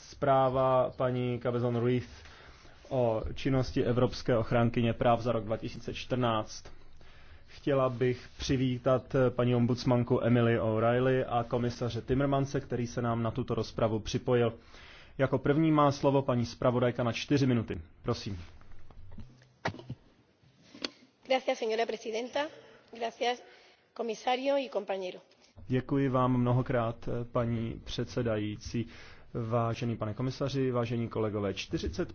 zpráva paní Cabezon Ruiz o činnosti Evropské ochránkyně práv za rok 2014. Chtěla bych přivítat paní ombudsmanku Emily O'Reilly a komisaře Timmermanse, který se nám na tuto rozpravu připojil. Jako první má slovo paní zpravodajka na čtyři minuty. Prosím. Gracias, señora presidenta. Gracias, komisario y compañero. Děkuji vám mnohokrát, paní předsedající. Vážený pane komisaři, vážení kolegové, 40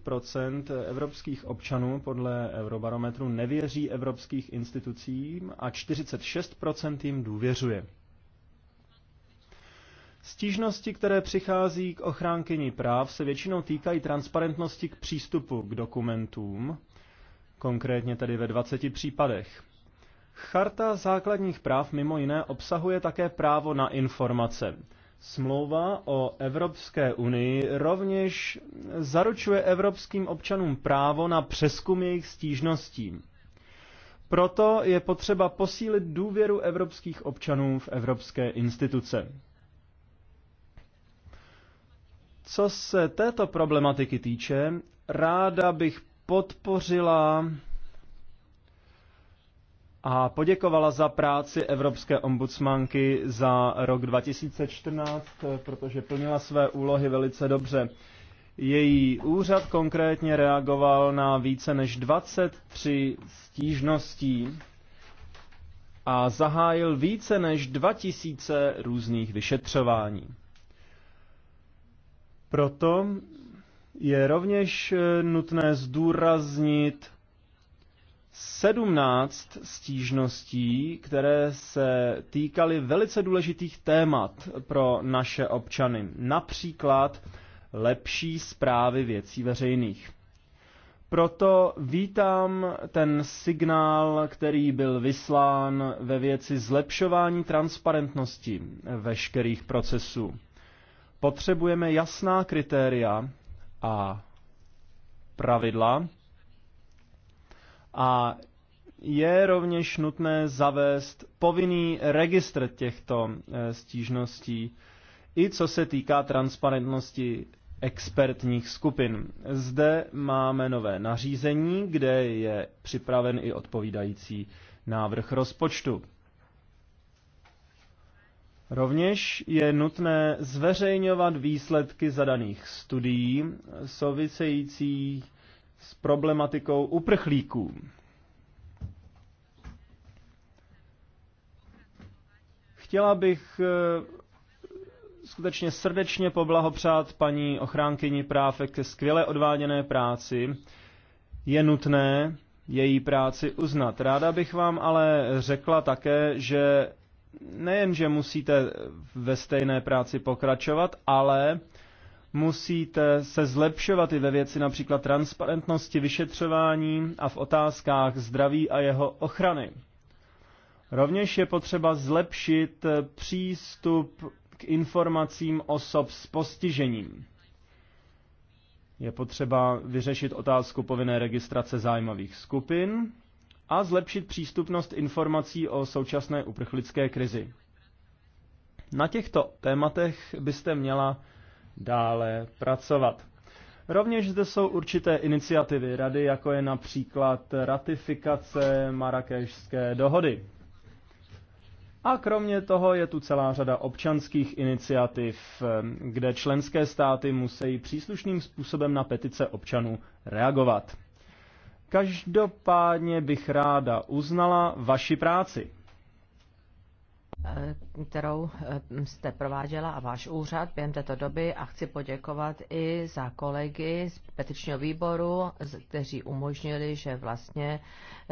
evropských občanů podle Eurobarometru nevěří evropských institucím a 46 jim důvěřuje. Stížnosti, které přichází k ochránkyni práv, se většinou týkají transparentnosti k přístupu k dokumentům, konkrétně tedy ve 20 případech. Charta základních práv mimo jiné obsahuje také právo na informace. Smlouva o Evropské unii rovněž zaručuje evropským občanům právo na přeskum jejich stížností. Proto je potřeba posílit důvěru evropských občanů v evropské instituce. Co se této problematiky týče, ráda bych podpořila a poděkovala za práci Evropské ombudsmanky za rok 2014, protože plnila své úlohy velice dobře. Její úřad konkrétně reagoval na více než 23 stížností a zahájil více než 2000 různých vyšetřování. Proto je rovněž eh, nutné zdůraznit 17 stížností, které se týkaly velice důležitých témat pro naše občany, například lepší zprávy věcí veřejných. Proto vítám ten signál, který byl vyslán ve věci zlepšování transparentnosti veškerých procesů. Potřebujeme jasná kritéria a pravidla, a je rovněž nutné zavést povinný registr těchto eh, stížností, i co se týká transparentnosti expertních skupin. Zde máme nové nařízení, kde je připraven i odpovídající návrh rozpočtu. Rovněž je nutné zveřejňovat výsledky zadaných studií souvisejících s problematikou uprchlíků. Chtěla bych eh, skutečně srdečně poblahopřát paní ochránkyni práv ke skvěle odváděné práci. Je nutné její práci uznat. Ráda bych vám ale řekla také, že nejen, že musíte ve stejné práci pokračovat, ale musíte se zlepšovat i ve věci například transparentnosti vyšetřování a v otázkách zdraví a jeho ochrany. Rovněž je potřeba zlepšit přístup k informacím osob s postižením. Je potřeba vyřešit otázku povinné registrace zájmových skupin a zlepšit přístupnost informací o současné uprchlické krizi. Na těchto tématech byste měla dále pracovat. Rovněž zde jsou určité iniciativy rady, jako je například ratifikace Marrakešské dohody. A kromě toho je tu celá řada občanských iniciativ, kde členské státy musí příslušným způsobem na petice občanů reagovat. Každopádně bych ráda uznala vaši práci. Eh, kterou eh, jste prováděla a váš úřad během této doby a chci poděkovat i za kolegy z petičního výboru, kteří umožnili, že vlastně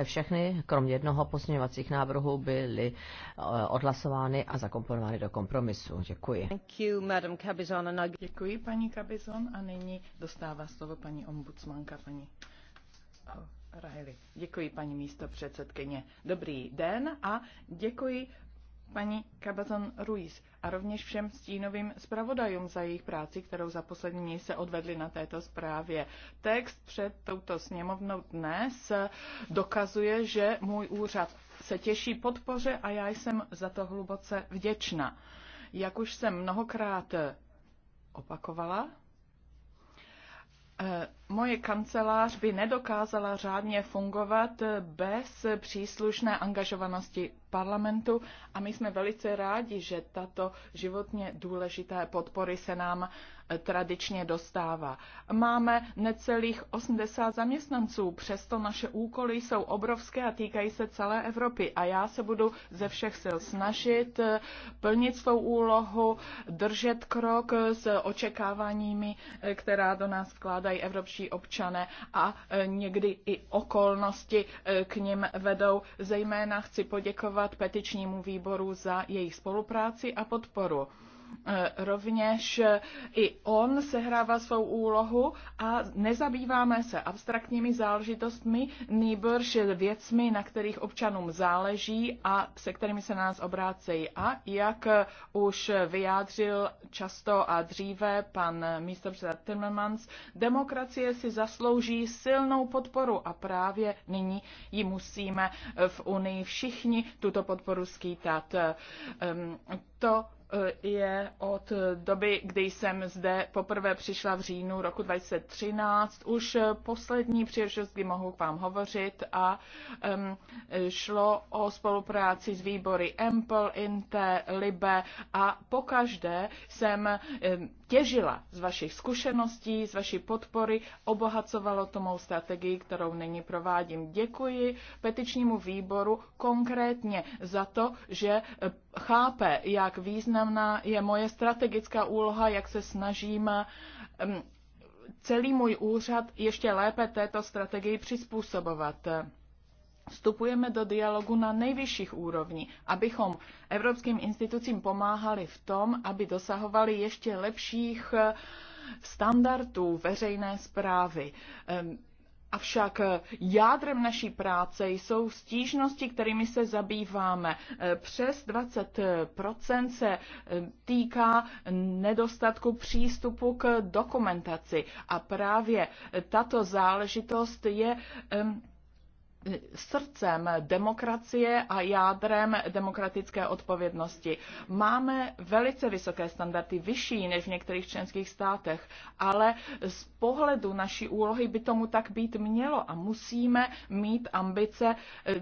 všechny, kromě jednoho posměvacích návrhů, byly eh, odhlasovány a zakomponovány do kompromisu. Děkuji. Thank you, Madam Cabizon. Děkuji, paní Cabizon. A nyní dostává slovo paní ombudsmanka, paní Riley. Děkuji, paní místo předsedkyně. Dobrý den a děkuji paní Kabaton Ruiz a rovněž všem stínovým zpravodajům za jejich práci, kterou za poslední měsíce odvedli na této zprávě. Text před touto sněmovnou dnes dokazuje, že můj úřad se těší podpoře a já jsem za to hluboce vděčná. Jak už jsem mnohokrát opakovala, eh, Moje kancelář by nedokázala řádně fungovat bez příslušné angažovanosti parlamentu a my jsme velice rádi, že tato životně důležité podpory se nám eh, tradičně dostává. Máme necelých 80 zaměstnanců, přesto naše úkoly jsou obrovské a týkají se celé Evropy a já se budu ze všech sil snažit eh, plnit svou úlohu, držet krok s očekáváními, eh, která do nás vkládají evropští naši občané a e, někdy i okolnosti e, k ním vedou. Zejména chci poděkovat petičnímu výboru za jejich spolupráci a podporu. E, rovněž e, i on sehrává svou úlohu a nezabýváme se abstraktními záležitostmi, nýbrž věcmi, na kterých občanům záleží a se kterými se na nás obrácejí. A jak e, už vyjádřil často a dříve pan místopředseda Timmermans, demokracie si zaslouží silnou podporu a právě nyní ji musíme v Unii všichni tuto podporu skýtat. To Eh, je od doby, kdy jsem zde poprvé přišla v říjnu roku 2013, už poslední příležitost, kdy mohu k vám hovořit a um, šlo o spolupráci s výbory EMPL, INTE, LIBE a pokaždé jsem um, těžila z vašich zkušeností, z vaší podpory, obohacovalo to mou strategii, kterou nyní provádím. Děkuji petičnímu výboru konkrétně za to, že eh, chápe, jak významná je moje strategická úloha, jak se snažím eh, celý můj úřad ještě lépe této strategii přizpůsobovat vstupujeme do dialogu na nejvyšších úrovni, abychom evropským institucím pomáhali v tom, aby dosahovali ještě lepších eh, standardů veřejné zprávy. Ehm, avšak eh, jádrem naší práce jsou stížnosti, kterými se zabýváme. Eh, přes 20 se týká nedostatku přístupu k dokumentaci. A právě tato záležitost je ehm, srdcem demokracie a jádrem demokratické odpovědnosti. Máme velice vysoké standardy, vyšší než v některých členských státech, ale z pohledu naší úlohy by tomu tak být mělo a musíme mít ambice eh,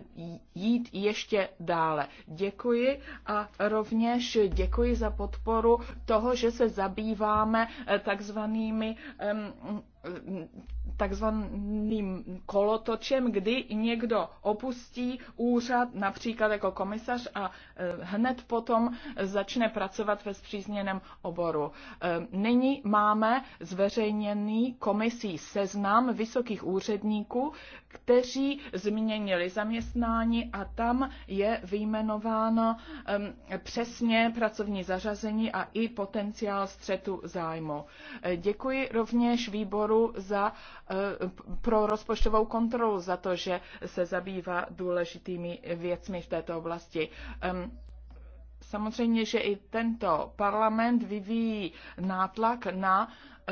jít ještě dále. Děkuji a rovněž děkuji za podporu toho, že se zabýváme eh, takzvanými takzvaným kolotočem, kdy někdo opustí úřad, například jako komisař a e, hned potom začne pracovat ve zpřízněném oboru. E, nyní máme zveřejněný komisí seznam vysokých úředníků, kteří změnili zaměstnání a tam je vyjmenováno přesně pracovní zařazení a i potenciál střetu zájmu. E, děkuji rovněž výboru výboru za, eh, pro rozpočtovou kontrolu za to, že se zabývá důležitými věcmi v této oblasti. Samozřejmě, že i tento parlament vyvíjí nátlak na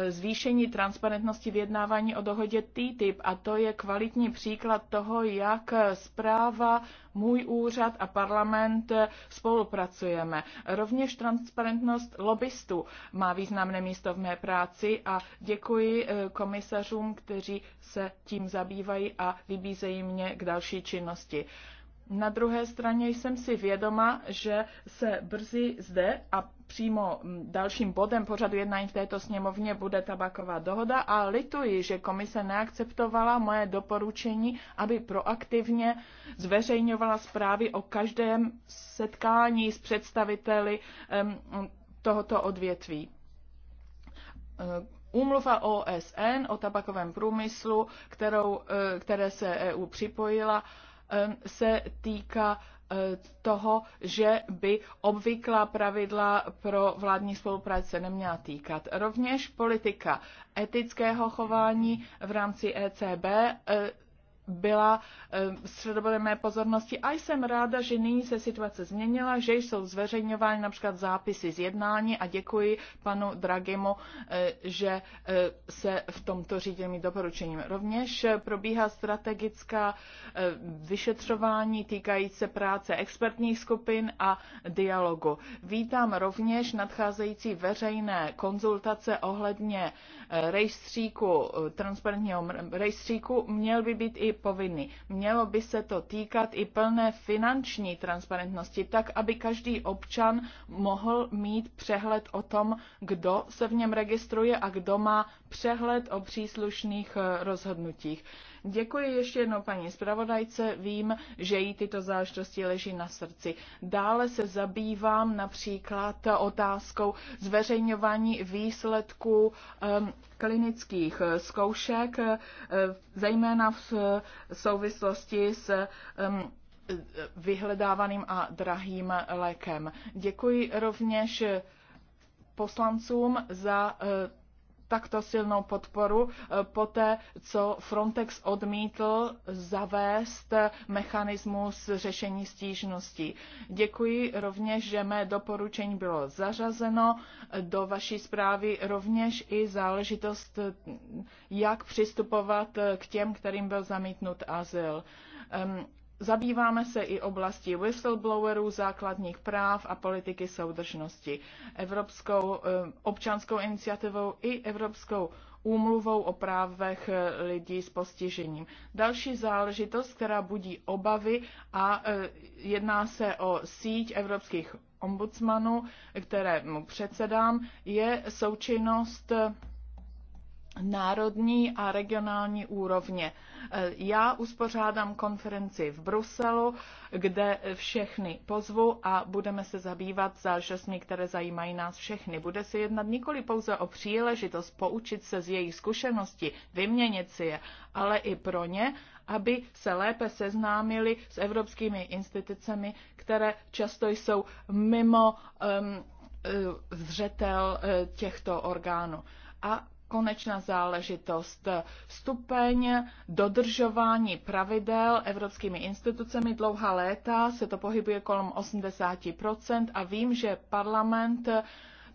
zvýšení transparentnosti vyjednávání o dohodě TTIP a to je kvalitní příklad toho, jak zpráva, můj úřad a parlament spolupracujeme. Rovněž transparentnost lobbystů má významné místo v mé práci a děkuji eh, komisařům, kteří se tím zabývají a vybízejí mě k další činnosti. Na druhé straně jsem si vědoma, že se brzy zde a přímo mm, dalším bodem pořadu jednání v této sněmovně bude tabaková dohoda a lituji, že komise neakceptovala moje doporučení, aby proaktivně zveřejňovala zprávy o každém setkání s představiteli tohoto odvětví. Úmluva OSN o tabakovém průmyslu, kterou, e, které se EU připojila, se týká e, toho, že by obvyklá pravidla pro vládní spolupráce neměla týkat. Rovněž politika etického chování v rámci ECB e, byla eh, středobodem mé pozornosti a jsem ráda, že nyní se situace změnila, že jsou zveřejňovány například zápisy z jednání a děkuji panu Dragemu, eh, že eh, se v tomto řídil mít doporučením. Rovněž probíhá strategická vyšetřování týkající se práce expertních skupin a dialogu. Vítám rovněž nadcházející veřejné konzultace ohledně rejstříku, transparentního rejstříku. Měl by být i povinný. Mělo by se to týkat i plné finanční transparentnosti, tak aby každý občan mohl mít přehled o tom, kdo se v něm registruje a kdo má přehled o příslušných eh, rozhodnutích. Děkuji ještě jednou paní zpravodajce, vím, že jí tyto záležitosti leží na srdci. Dále se zabývám například otázkou zveřejňování výsledků ehm, klinických eh, zkoušek, eh, zejména v souvislosti s ehm, eh, vyhledávaným a drahým lékem. Děkuji rovněž poslancům za takto silnou podporu eh, poté, co Frontex odmítl zavést eh, mechanismus řešení stížností. Děkuji rovněž, že mé doporučení bylo zařazeno eh, do vaší zprávy, rovněž i záležitost, jak přistupovat k těm, kterým byl zamítnut azyl. Zabýváme se i oblastí whistleblowerů, základních práv a politiky soudržnosti, Evropskou eh, občanskou iniciativou i Evropskou úmluvou o právech eh, lidí s postižením. Další záležitost, která budí obavy a eh, jedná se o síť evropských ombudsmanů, kterému předsedám, je součinnost národní a regionální úrovně. E, já uspořádám konferenci v Bruselu, kde všechny pozvu a budeme se zabývat záležitostmi, které zajímají nás všechny. Bude se jednat nikoli pouze o příležitost poučit se z jejich zkušenosti, vyměnit si je, ale i pro ně, aby se lépe seznámili s evropskými institucemi, které často jsou mimo um, zřetel e, těchto orgánů. A konečná záležitost. Stupeň dodržování pravidel evropskými institucemi dlouhá léta se to pohybuje kolem 80% a vím, že parlament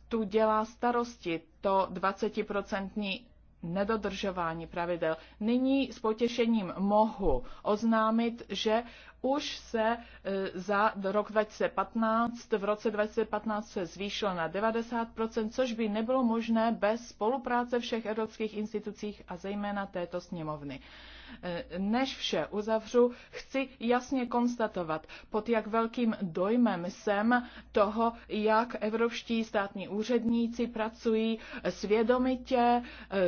tu dělá starosti. To 20% nedodržování pravidel. Nyní s potěšením mohu oznámit, že už se e, za rok 2015, v roce 2015 se zvýšilo na 90%, což by nebylo možné bez spolupráce všech evropských institucích a zejména této sněmovny. Eh, než vše uzavřu, chci jasně konstatovat, pod jak velkým dojmem jsem toho, jak evropští státní úředníci pracují svědomitě, eh,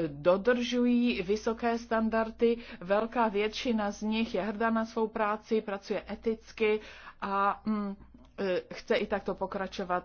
dodržují vysoké standardy, velká většina z nich je hrdá na svou práci, pracuje eticky a mm, chce i takto pokračovat.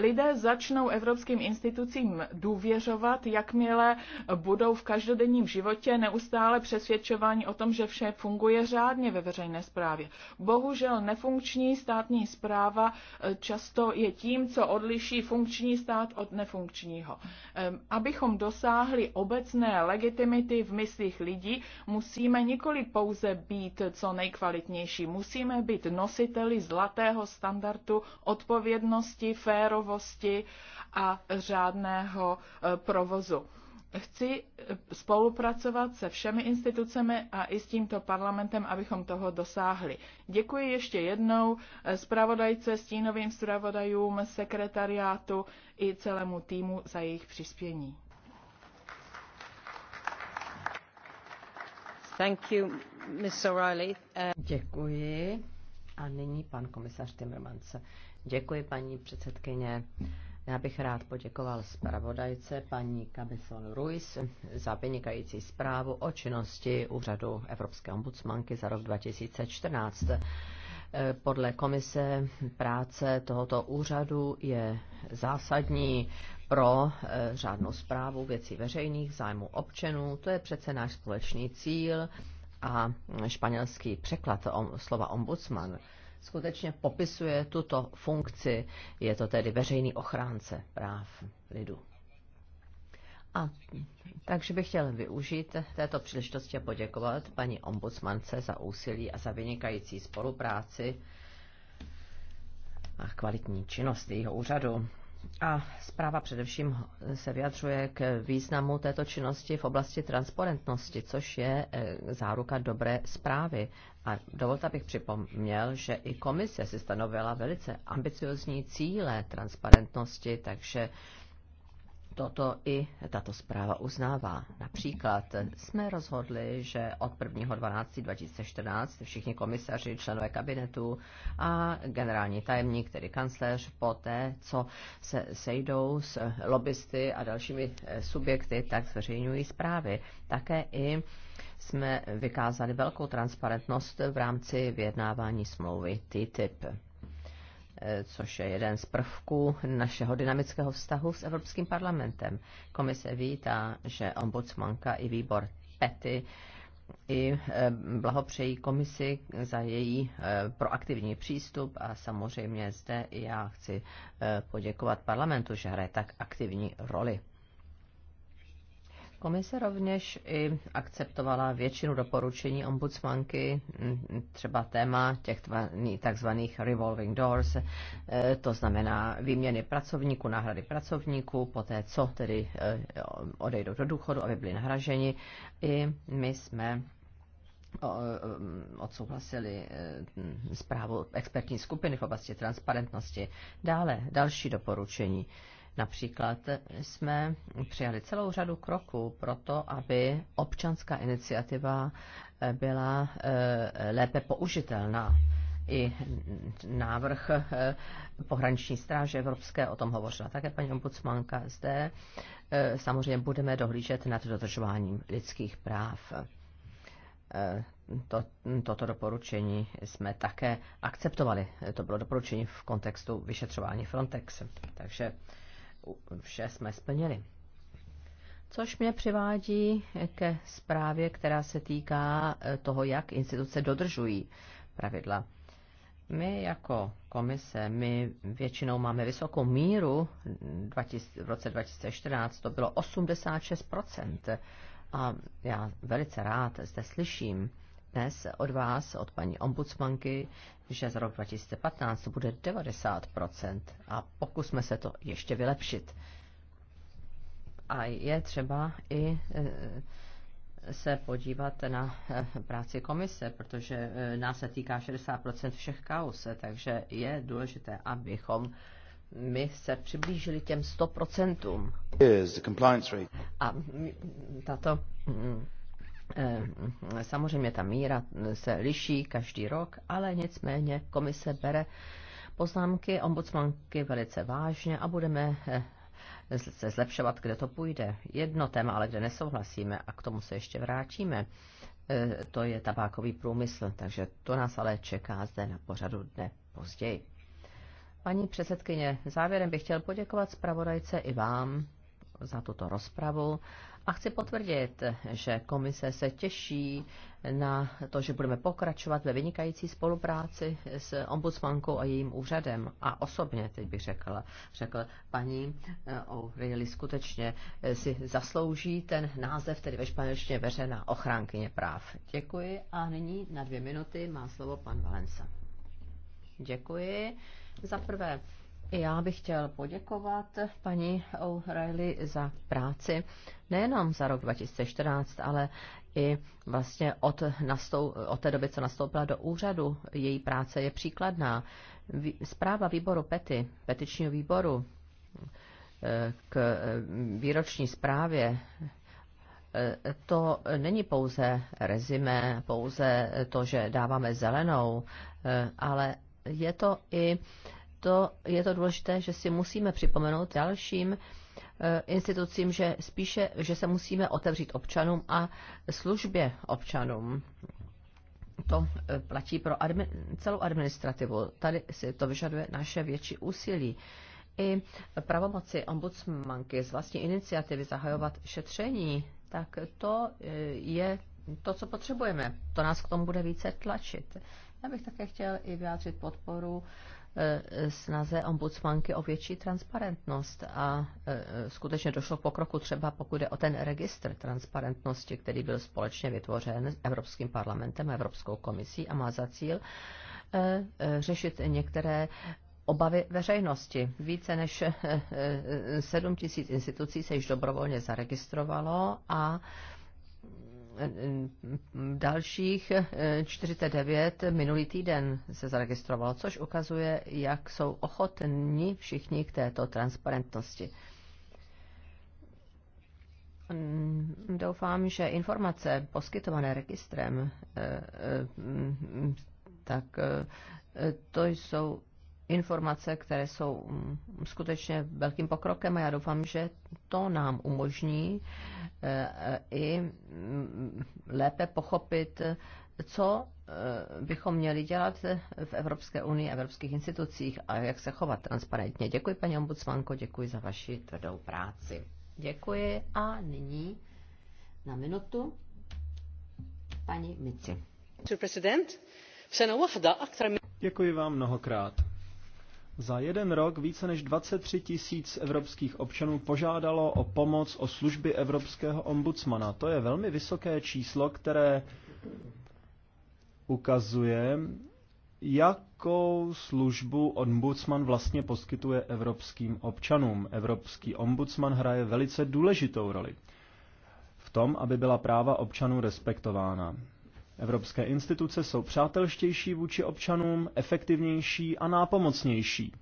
Lidé začnou evropským institucím důvěřovat, jakmile budou v každodenním životě neustále přesvědčování o tom, že vše funguje řádně ve veřejné správě. Bohužel nefunkční státní zpráva eh, často je tím, co odliší funkční stát od nefunkčního. Ehm, abychom dosáhli obecné legitimity v myslích lidí, musíme nikoli pouze být co nejkvalitnější, musíme být nositeli zlatého státu standardu, odpovědnosti, férovosti a řádného e, provozu. Chci e, spolupracovat se všemi institucemi a i s tímto parlamentem, abychom toho dosáhli. Děkuji ještě jednou e, zpravodajce, stínovým zpravodajům, sekretariátu i celému týmu za jejich přispění. Thank you, Ms. O'Reilly. Uh... Děkuji a nyní pan komisař Timmermans. Děkuji, paní předsedkyně. Já bych rád poděkoval zpravodajce paní Cabezon Ruiz za vynikající zprávu o činnosti úřadu Evropské ombudsmanky za rok 2014. Podle komise práce tohoto úřadu je zásadní pro eh, řádnou zprávu věcí veřejných, zájmu občanů. To je přece náš společný cíl a španělský překlad slova ombudsman skutečně popisuje tuto funkci, je to tedy veřejný ochránce práv lidu. A takže bych chtěl využít této příležitosti a poděkovat paní ombudsmance za úsilí a za vynikající spolupráci a kvalitní činnost jejího úřadu. A zpráva především se vyjadřuje k významu této činnosti v oblasti transparentnosti, což je e, záruka dobré zprávy. A dovolte, abych připomněl, že i komise si stanovila velice ambiciozní cíle transparentnosti, takže toto i tato zpráva uznává. Například jsme rozhodli, že od 1.12.2014 všichni komisaři, členové kabinetu a generální tajemník, tedy kancléř, poté, co se sejdou s lobbysty a dalšími eh, subjekty, tak zveřejňují zprávy. Také i jsme vykázali velkou transparentnost v rámci vyjednávání smlouvy TTIP. Eh, což je jeden z prvků našeho dynamického vztahu s Evropským parlamentem. Komise vítá, že ombudsmanka i výbor PETY i eh, blahopřejí komisi za její eh, proaktivní přístup a samozřejmě zde i já chci poděkovat parlamentu, že hraje tak aktivní roli. Komise rovněž i akceptovala většinu doporučení ombudsmanky, mm, třeba téma těch takzvaných revolving doors, eh, to znamená výměny pracovníků, náhrady pracovníků, poté co tedy eh, odejdou do důchodu, aby byli nahraženi. I my jsme eh, odsouhlasili zprávu expertní skupiny v oblasti transparentnosti. Dále další doporučení Například jsme přijali celou řadu kroků pro to, aby občanská iniciativa eh, byla eh, lépe použitelná. I návrh eh, pohraniční stráže evropské, o tom hovořila také paní ombudsmanka zde. Samozřejmě budeme dohlížet nad dodržováním lidských práv to, toto doporučení jsme také akceptovali. To bylo doporučení v kontextu vyšetřování Frontex. Takže vše jsme splnili. Což mě přivádí ke zprávě, která se týká e, toho, jak instituce dodržují pravidla. My jako komise, my většinou máme vysokou míru, v roce 2014 to bylo 86%. A já velice rád zde slyším, dnes od vás, od paní ombudsmanky, že za rok 2015 bude 90% a pokusme se to ještě vylepšit. A je třeba i e, se podívat na e, práci komise, protože e, nás se týká 60% všech kaus, takže je důležité, abychom my se přiblížili těm 100%. A tato Eh, samozřejmě ta míra se liší každý rok, ale nicméně komise bere poznámky ombudsmanky velice vážně a budeme eh, se zlepšovat, kde to půjde. Jedno téma, ale kde nesouhlasíme a k tomu se ještě vrátíme, eh, to je tabákový průmysl, takže to nás ale čeká zde na pořadu dne později. Paní předsedkyně, závěrem bych chtěl poděkovat zpravodajce i vám za tuto rozpravu a chci potvrdit, že komise se těší na to, že budeme pokračovat ve vynikající spolupráci s ombudsmankou a jejím úřadem. A osobně, teď bych řekla, řekl paní eh, O'Reilly, skutečně eh, si zaslouží ten název, tedy ve španělštině veřejná ochránkyně práv. Děkuji a nyní na dvě minuty má slovo pan Valensa. Děkuji. Za prvé, já bych chtěl poděkovat paní O'Reilly za práci, nejenom za rok 2014, ale i vlastně od, nastou, od té doby, co nastoupila do úřadu. Její práce je příkladná. Zpráva výboru PETY, petičního výboru, eh, k eh, výroční zprávě eh, to není pouze rezime, pouze to, že dáváme zelenou, ale je to i proto je to důležité, že si musíme připomenout dalším eh, institucím, že spíše, že se musíme otevřít občanům a službě občanům. To eh, platí pro admi- celou administrativu. Tady si to vyžaduje naše větší úsilí. I pravomoci ombudsmanky z vlastní iniciativy zahajovat šetření, tak to eh, je to, co potřebujeme. To nás k tomu bude více tlačit. Já bych také chtěl i vyjádřit podporu Eh, snaze ombudsmanky o větší transparentnost a eh, skutečně došlo k pokroku třeba pokud jde o ten registr transparentnosti, který byl společně vytvořen s Evropským parlamentem a Evropskou komisí a má za cíl eh, řešit některé obavy veřejnosti. Více než 7 tisíc institucí se již dobrovolně zaregistrovalo a dalších 49 eh, minulý týden se zaregistrovalo, což ukazuje, jak jsou ochotní všichni k této transparentnosti. Mm, doufám, že informace poskytované registrem, eh, eh, mm, tak to jsou informace, které jsou mm, skutečně velkým pokrokem a já doufám, že to nám umožní eh, eh, i mm, lépe pochopit, co eh, bychom měli dělat v Evropské unii, evropských institucích a jak se chovat transparentně. Děkuji, paní ombudsmanko, děkuji za vaši tvrdou práci. Děkuji a nyní na minutu paní Mici. Děkuji vám mnohokrát. Za jeden rok více než 23 tisíc evropských občanů požádalo o pomoc o služby evropského ombudsmana. To je velmi vysoké číslo, které ukazuje, jakou službu ombudsman vlastně poskytuje evropským občanům. Evropský ombudsman hraje velice důležitou roli v tom, aby byla práva občanů respektována. Evropské instituce jsou přátelštější vůči občanům, efektivnější a nápomocnější.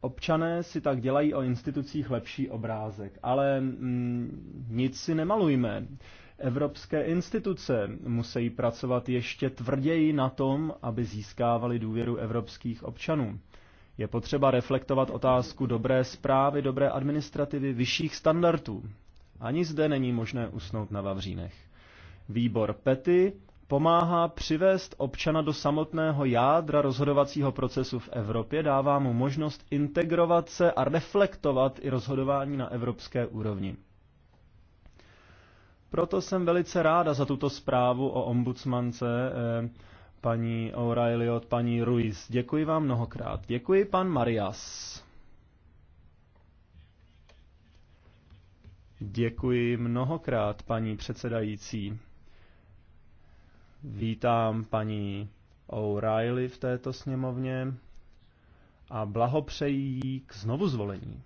Občané si tak dělají o institucích lepší obrázek, ale mm, nic si nemalujme. Evropské instituce musí pracovat ještě tvrději na tom, aby získávali důvěru evropských občanů. Je potřeba reflektovat otázku dobré zprávy, dobré administrativy, vyšších standardů. Ani zde není možné usnout na Vavřínech. Výbor Pety pomáhá přivést občana do samotného jádra rozhodovacího procesu v Evropě, dává mu možnost integrovat se a reflektovat i rozhodování na evropské úrovni. Proto jsem velice ráda za tuto zprávu o ombudsmance eh, paní O'Reilly od paní Ruiz. Děkuji vám mnohokrát. Děkuji pan Marias. Děkuji mnohokrát, paní předsedající. Vítám paní O'Reilly v této sněmovně a blahopřeji jí k znovu zvolení.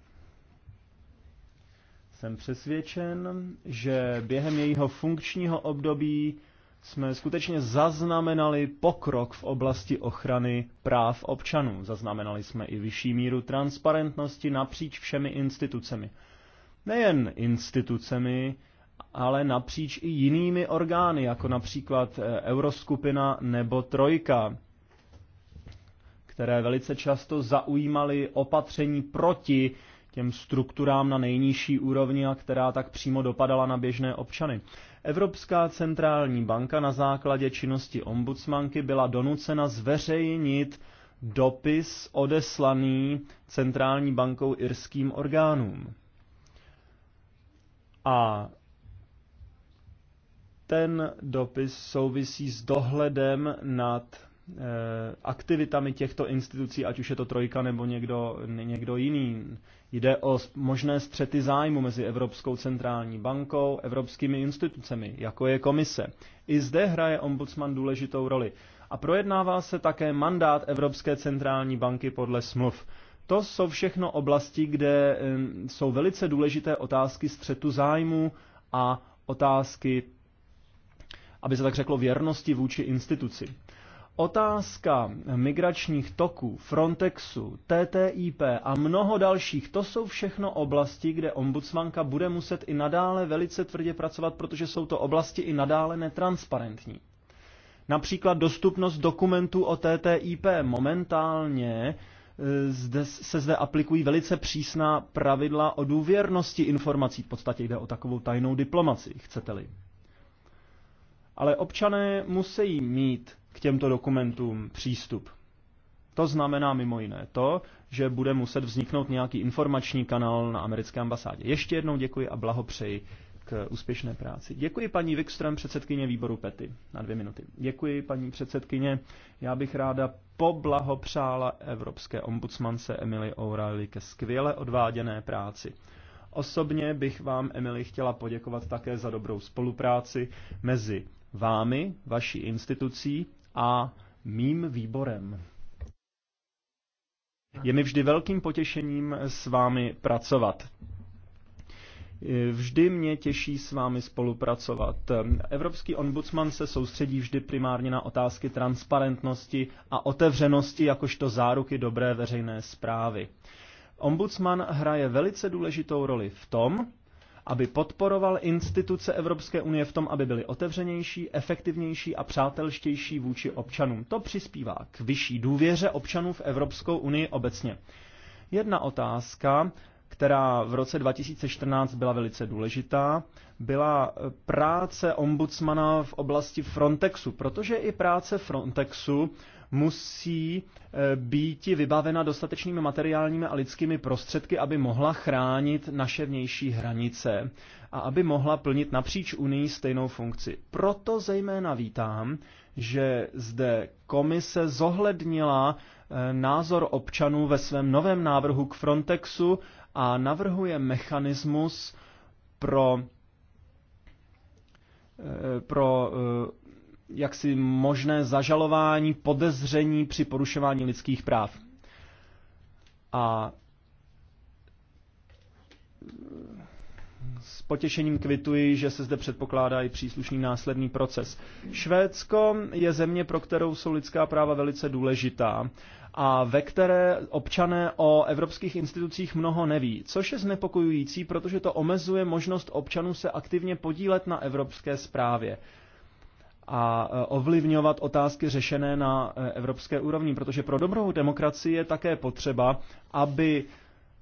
Jsem přesvědčen, že během jejího funkčního období jsme skutečně zaznamenali pokrok v oblasti ochrany práv občanů. Zaznamenali jsme i vyšší míru transparentnosti napříč všemi institucemi nejen institucemi, ale napříč i jinými orgány, jako například eh, Euroskupina nebo Trojka, které velice často zaujímaly opatření proti těm strukturám na nejnižší úrovni a která tak přímo dopadala na běžné občany. Evropská centrální banka na základě činnosti ombudsmanky byla donucena zveřejnit dopis odeslaný centrální bankou irským orgánům. A ten dopis souvisí s dohledem nad eh, aktivitami těchto institucí, ať už je to trojka nebo někdo, někdo jiný. Jde o možné střety zájmu mezi Evropskou centrální bankou, evropskými institucemi, jako je komise. I zde hraje ombudsman důležitou roli. A projednává se také mandát Evropské centrální banky podle smluv. To jsou všechno oblasti, kde jsou velice důležité otázky střetu zájmu a otázky, aby se tak řeklo, věrnosti vůči instituci. Otázka migračních toků, Frontexu, TTIP a mnoho dalších, to jsou všechno oblasti, kde ombudsmanka bude muset i nadále velice tvrdě pracovat, protože jsou to oblasti i nadále netransparentní. Například dostupnost dokumentů o TTIP momentálně Eh, zde, se zde aplikují velice přísná pravidla o důvěrnosti informací. V podstatě jde o takovou tajnou diplomaci, chcete-li. Ale občané musí mít k těmto dokumentům přístup. To znamená mimo jiné to, že bude muset vzniknout nějaký informační kanál na americké ambasádě. Ještě jednou děkuji a blahopřeji k úspěšné práci. Děkuji paní Wikström, předsedkyně výboru PETY, na dvě minuty. Děkuji paní předsedkyně. Já bych ráda poblahopřála evropské ombudsmance Emily O'Reilly ke skvěle odváděné práci. Osobně bych vám, Emily, chtěla poděkovat také za dobrou spolupráci mezi vámi, vaší institucí a mým výborem. Je mi vždy velkým potěšením s vámi pracovat. Vždy mě těší s vámi spolupracovat. Evropský ombudsman se soustředí vždy primárně na otázky transparentnosti a otevřenosti jakožto záruky dobré veřejné zprávy. Ombudsman hraje velice důležitou roli v tom, aby podporoval instituce Evropské unie v tom, aby byly otevřenější, efektivnější a přátelštější vůči občanům. To přispívá k vyšší důvěře občanů v Evropskou unii obecně. Jedna otázka, která v roce 2014 byla velice důležitá, byla eh, práce ombudsmana v oblasti Frontexu, protože i práce Frontexu musí eh, být vybavena dostatečnými materiálními a lidskými prostředky, aby mohla chránit naše vnější hranice a aby mohla plnit napříč Unii stejnou funkci. Proto zejména vítám, že zde komise zohlednila eh, názor občanů ve svém novém návrhu k Frontexu a navrhuje mechanismus pro, eh, pro eh, jaksi možné zažalování, podezření při porušování lidských práv. A s potěšením kvituji, že se zde předpokládá i příslušný následný proces. Švédsko je země, pro kterou jsou lidská práva velice důležitá a ve které občané o evropských institucích mnoho neví, což je znepokojující, protože to omezuje možnost občanů se aktivně podílet na evropské správě a e, ovlivňovat otázky řešené na e, evropské úrovni, protože pro dobrou demokracii je také potřeba, aby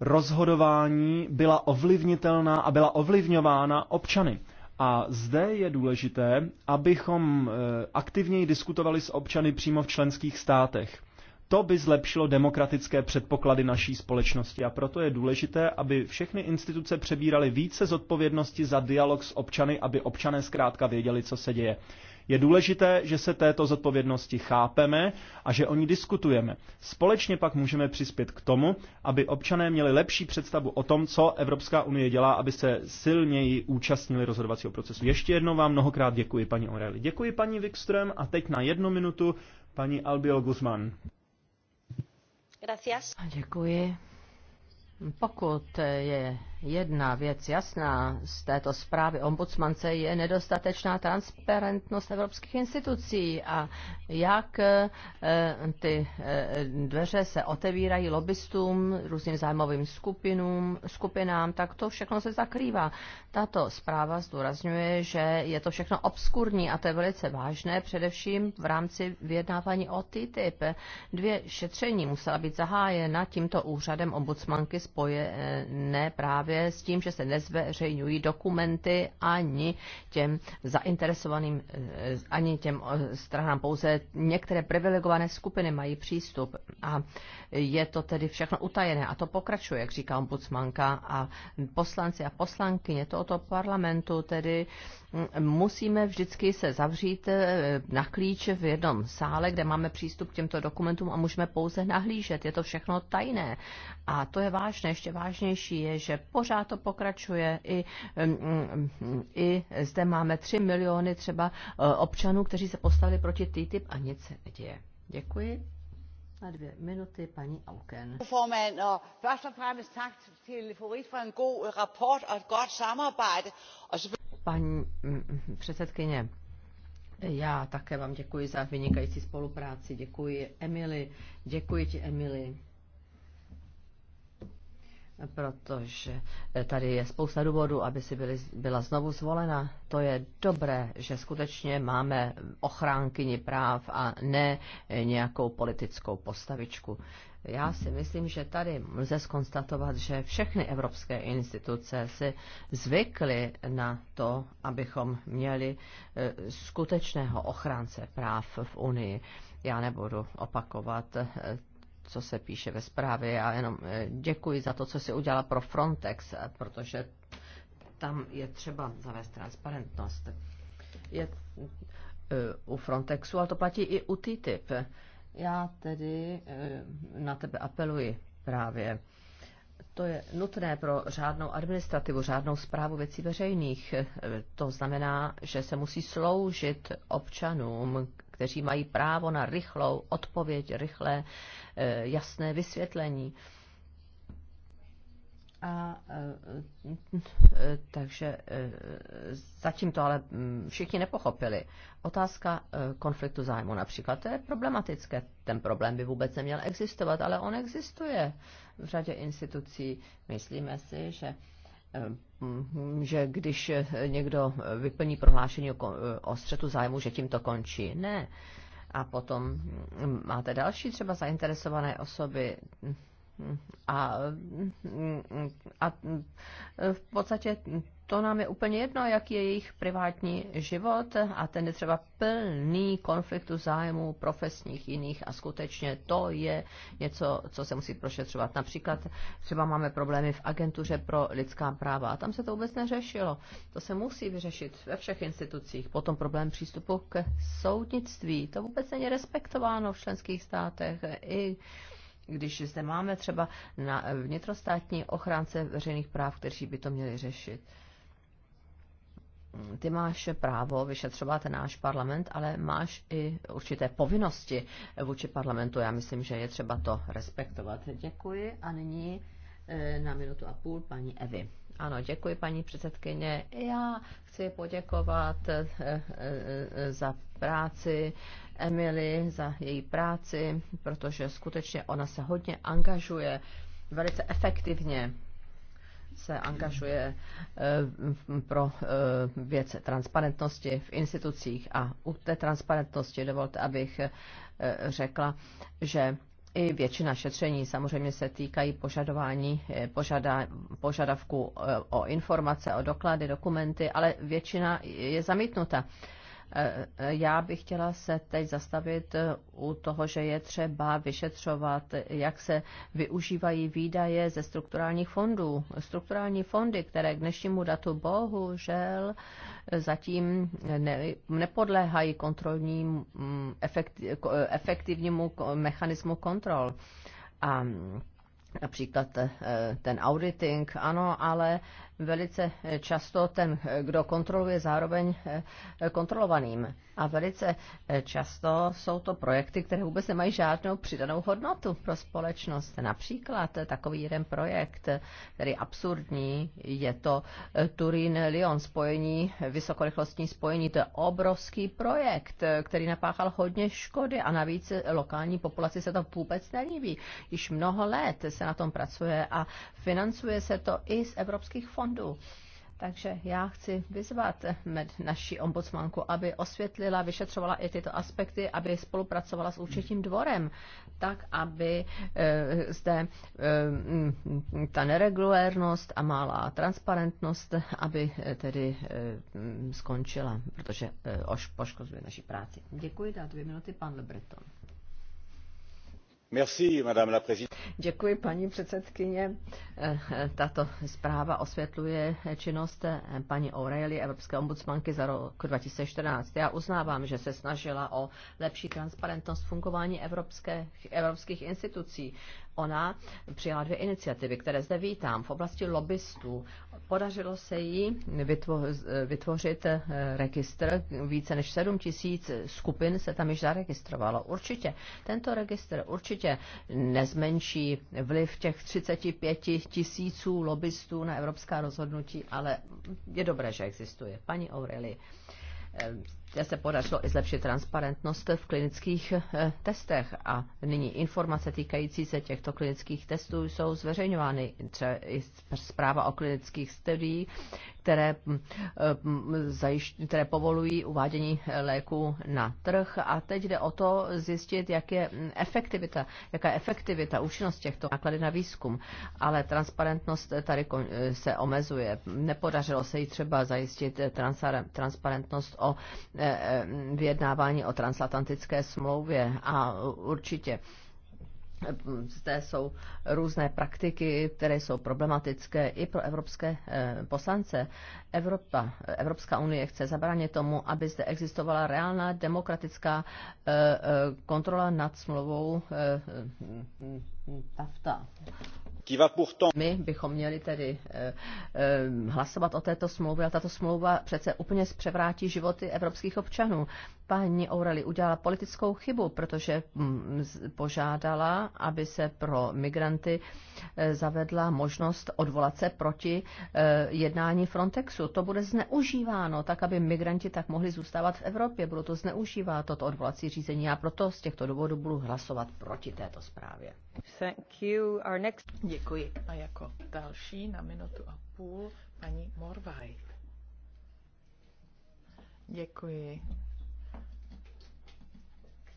rozhodování byla ovlivnitelná a byla ovlivňována občany. A zde je důležité, abychom eh, aktivněji diskutovali s občany přímo v členských státech. To by zlepšilo demokratické předpoklady naší společnosti a proto je důležité, aby všechny instituce přebíraly více zodpovědnosti za dialog s občany, aby občané zkrátka věděli, co se děje. Je důležité, že se této zodpovědnosti chápeme a že o ní diskutujeme. Společně pak můžeme přispět k tomu, aby občané měli lepší představu o tom, co Evropská unie dělá, aby se silněji účastnili rozhodovacího procesu. Ještě jednou vám mnohokrát děkuji, paní O'Reilly. Děkuji, paní Wikström, a teď na jednu minutu paní Albiol Guzman. Gracias. Děkuji. Pokud je jedna věc jasná z této zprávy ombudsmance je nedostatečná transparentnost evropských institucí a jak eh, ty eh, dveře se otevírají lobbystům, různým zájmovým skupinům, skupinám, tak to všechno se zakrývá. Tato zpráva zdůrazňuje, že je to všechno obskurní a to je velice vážné, především v rámci vyjednávání o TTIP. Dvě šetření musela být zahájena tímto úřadem ombudsmanky spojené právě právě s tím, že se nezveřejňují dokumenty ani těm zainteresovaným, eh, ani těm eh, stranám. Pouze některé privilegované skupiny mají přístup a je to tedy všechno utajené. A to pokračuje, jak říká ombudsmanka a poslanci a poslankyně tohoto parlamentu tedy musíme vždycky se zavřít e, na klíč v jednom sále, kde máme přístup k těmto dokumentům a můžeme pouze nahlížet. Je to všechno tajné. A to je vážné. Ještě vážnější je, že pořád to pokračuje. I, i zde máme 3 miliony třeba e, občanů, kteří se postavili proti TTIP a nic se neděje. Děkuji na dvě minuty paní Auken. Formand, og først og fremmest tak til Forit for en god rapport og et godt samarbejde. Og så... Paní mm, mm, předsedkyně, já také vám děkuji za vynikající spolupráci. Děkuji Emily. Děkuji ti, Emily protože eh, tady je spousta důvodů, aby si byli, byla znovu zvolena. To je dobré, že skutečně máme ochránkyni práv a ne eh, nějakou politickou postavičku. Já si myslím, že tady lze skonstatovat, že všechny evropské instituce si zvykly na to, abychom měli eh, skutečného ochránce práv v Unii. Já nebudu opakovat co se píše ve zprávě. Já jenom eh, děkuji za to, co si udělala pro Frontex, protože tam je třeba zavést transparentnost. Je eh, u Frontexu, ale to platí i u TTIP. Já tedy eh, na tebe apeluji právě. To je nutné pro řádnou administrativu, řádnou zprávu věcí veřejných. To znamená, že se musí sloužit občanům kteří mají právo na rychlou odpověď, rychlé, eh, jasné vysvětlení. A, eh, takže eh, zatím to ale mm, všichni nepochopili. Otázka konfliktu zájmu například, to je problematické. Ten problém by vůbec neměl existovat, ale on existuje v řadě institucí. Myslíme si, že Ehm, že když někdo vyplní prohlášení o střetu zájmu, že tím to končí. Ne. A potom mm, máte další třeba zainteresované osoby, a, a v podstatě to nám je úplně jedno, jaký je jejich privátní život a ten je třeba plný konfliktu zájmů profesních jiných a skutečně to je něco, co se musí prošetřovat. Například třeba máme problémy v agentuře pro lidská práva a tam se to vůbec neřešilo. To se musí vyřešit ve všech institucích. Potom problém přístupu k soudnictví. To vůbec není respektováno v členských státech. I když zde máme třeba na eh, vnitrostátní ochránce veřejných práv, kteří by to měli řešit. Mm, ty máš právo vyšetřovat náš parlament, ale máš i určité povinnosti vůči parlamentu. Já myslím, že je třeba to respektovat. Děkuji a nyní eh, na minutu a půl paní Evy. Ano, děkuji paní předsedkyně. Já chci poděkovat eh, eh, za práci Emily, za její práci, protože skutečně ona se hodně angažuje, velice efektivně se angažuje eh, pro věc transparentnosti v institucích. A u té transparentnosti dovolte, abych řekla, že i většina šetření samozřejmě se týkají požadování eh, požada, požadavku eh, o informace, o doklady, dokumenty, ale většina je zamítnuta. Já bych chtěla se teď zastavit eh, u toho, že je třeba vyšetřovat, jak se využívají výdaje ze strukturálních fondů. Strukturální fondy, které k dnešnímu datu bohužel zatím ne, nepodléhají mm, efekt, efektivnímu mechanismu kontrol. A například eh, ten auditing, ano, ale velice eh, často ten, eh, kdo kontroluje, zároveň eh, kontrolovaným. A velice často jsou to projekty, které vůbec nemají žádnou přidanou hodnotu pro společnost. Například takový jeden projekt, který je absurdní, je to Turín-Lyon spojení, vysokorychlostní spojení. To je obrovský projekt, který napáchal hodně škody a navíc lokální populaci se to vůbec nelíbí. Již mnoho let se na tom pracuje a financuje se to i z evropských fondů fondů. Takže já chci vyzvat naši ombudsmanku, aby osvětlila, vyšetřovala i tyto aspekty, aby spolupracovala s účetním dvorem, tak aby e, zde e, ta neregulérnost a malá transparentnost, aby e, tedy skončila, protože oš poškozuje naši práci. Děkuji, dá dvě minuty, pan Lebreton. Děkuji, paní předsedkyně. Eh, tato zpráva osvětluje činnost eh, paní O'Reilly, Evropské ombudsmanky za rok 2014. Já uznávám, že se snažila o lepší transparentnost fungování evropských institucí. Ona přijala dvě iniciativy, které zde vítám. V oblasti lobbystů podařilo se jí vytvořit eh, registr. Více než 7 tisíc skupin se tam již zaregistrovalo. Určitě tento registr určitě nezmenší vliv těch 35 tisíců lobbystů na evropská rozhodnutí, ale je dobré, že existuje. Paní Aureli, eh, se podařilo i zlepšit transparentnost v klinických eh, testech a nyní informace týkající se těchto klinických testů jsou zveřejňovány. Třeba i zpráva o klinických studiích, které, mm, eh, mm, které povolují uvádění léku na trh a teď jde o to zjistit, jak je mm, efektivita, jaká je efektivita, účinnost těchto náklady na výzkum. Ale transparentnost tady eh, se omezuje. Nepodařilo se jí třeba zajistit transparentnost o Eh, eh, vyjednávání o transatlantické smlouvě a určitě eh, zde jsou různé praktiky, které jsou problematické i pro evropské poslance. Evropa, Evropská unie chce zabránit tomu, aby zde existovala reálná demokratická kontrola nad smlouvou TAFTA. Hm, hm, hm, my bychom měli tedy eh, eh, hlasovat o této smlouvě a tato smlouva přece úplně zpřevrátí životy evropských občanů. Paní Aureli udělala politickou chybu, protože mm, požádala, aby se pro migranty eh, zavedla možnost odvolat se proti jednání Frontexu. To bude zneužíváno, tak aby migranti tak mohli zůstávat v Evropě. Budou to zneužívat, toto odvolací řízení. Já proto z těchto důvodů budu hlasovat proti této zprávě. Thank you. Our next... Děkuji. A jako další na minutu a půl paní Morvaj. Děkuji.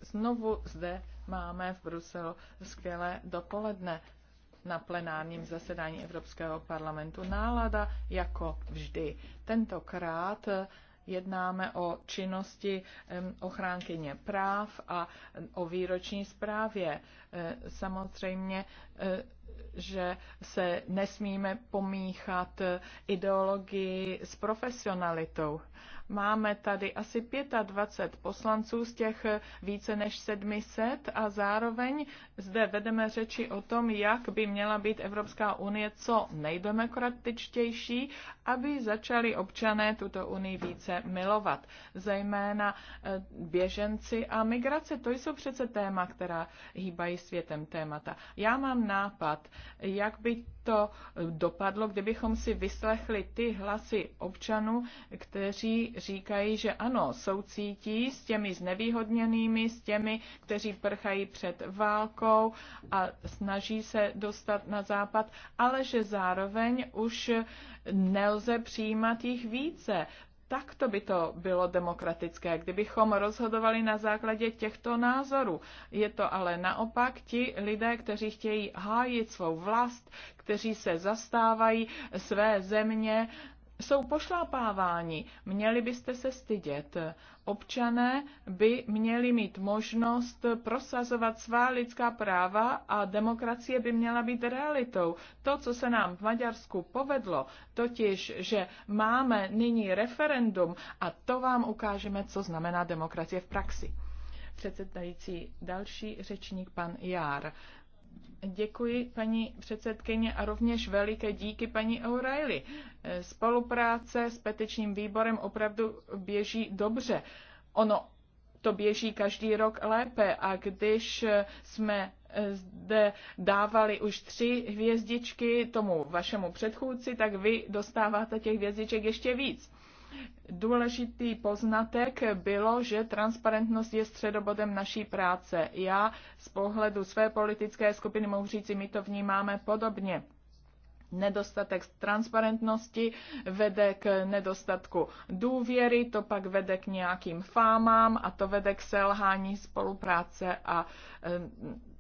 Znovu zde máme v Bruselu skvělé dopoledne na plenárním zasedání Evropského parlamentu. Nálada jako vždy. Tentokrát eh, jednáme o činnosti ochránkyně práv a o výroční zprávě. Eh, samozřejmě eh, že se nesmíme pomíchat ideologii s profesionalitou. Máme tady asi 25 poslanců z těch více než 700 a zároveň zde vedeme řeči o tom, jak by měla být Evropská unie co nejdemokratičtější, aby začali občané tuto unii více milovat. Zejména e, běženci a migrace, to jsou přece téma, která hýbají světem témata. Já mám nápad, jak by to dopadlo, kdybychom si vyslechli ty hlasy občanů, kteří říkají, že ano, soucítí s těmi znevýhodněnými, s těmi, kteří prchají před válkou a snaží se dostat na západ, ale že zároveň už nelze přijímat jich více. Tak to by to bylo demokratické, kdybychom rozhodovali na základě těchto názorů. Je to ale naopak ti lidé, kteří chtějí hájit svou vlast, kteří se zastávají své země, jsou pošlapáváni. Měli byste se stydět. Občané by měli mít možnost prosazovat svá lidská práva a demokracie by měla být realitou. To, co se nám v Maďarsku povedlo, totiž, že máme nyní referendum a to vám ukážeme, co znamená demokracie v praxi. Předsedající další řečník pan Jár. Děkuji paní předsedkyně a rovněž veliké díky paní O'Reilly. Spolupráce s petičním výborem opravdu běží dobře. Ono to běží každý rok lépe a když jsme zde dávali už tři hvězdičky tomu vašemu předchůdci, tak vy dostáváte těch hvězdiček ještě víc. Důležitý poznatek bylo, že transparentnost je středobodem naší práce. Já z pohledu své politické skupiny mohu říci, my to vnímáme podobně. Nedostatek transparentnosti vede k nedostatku důvěry, to pak vede k nějakým fámám a to vede k selhání spolupráce a eh,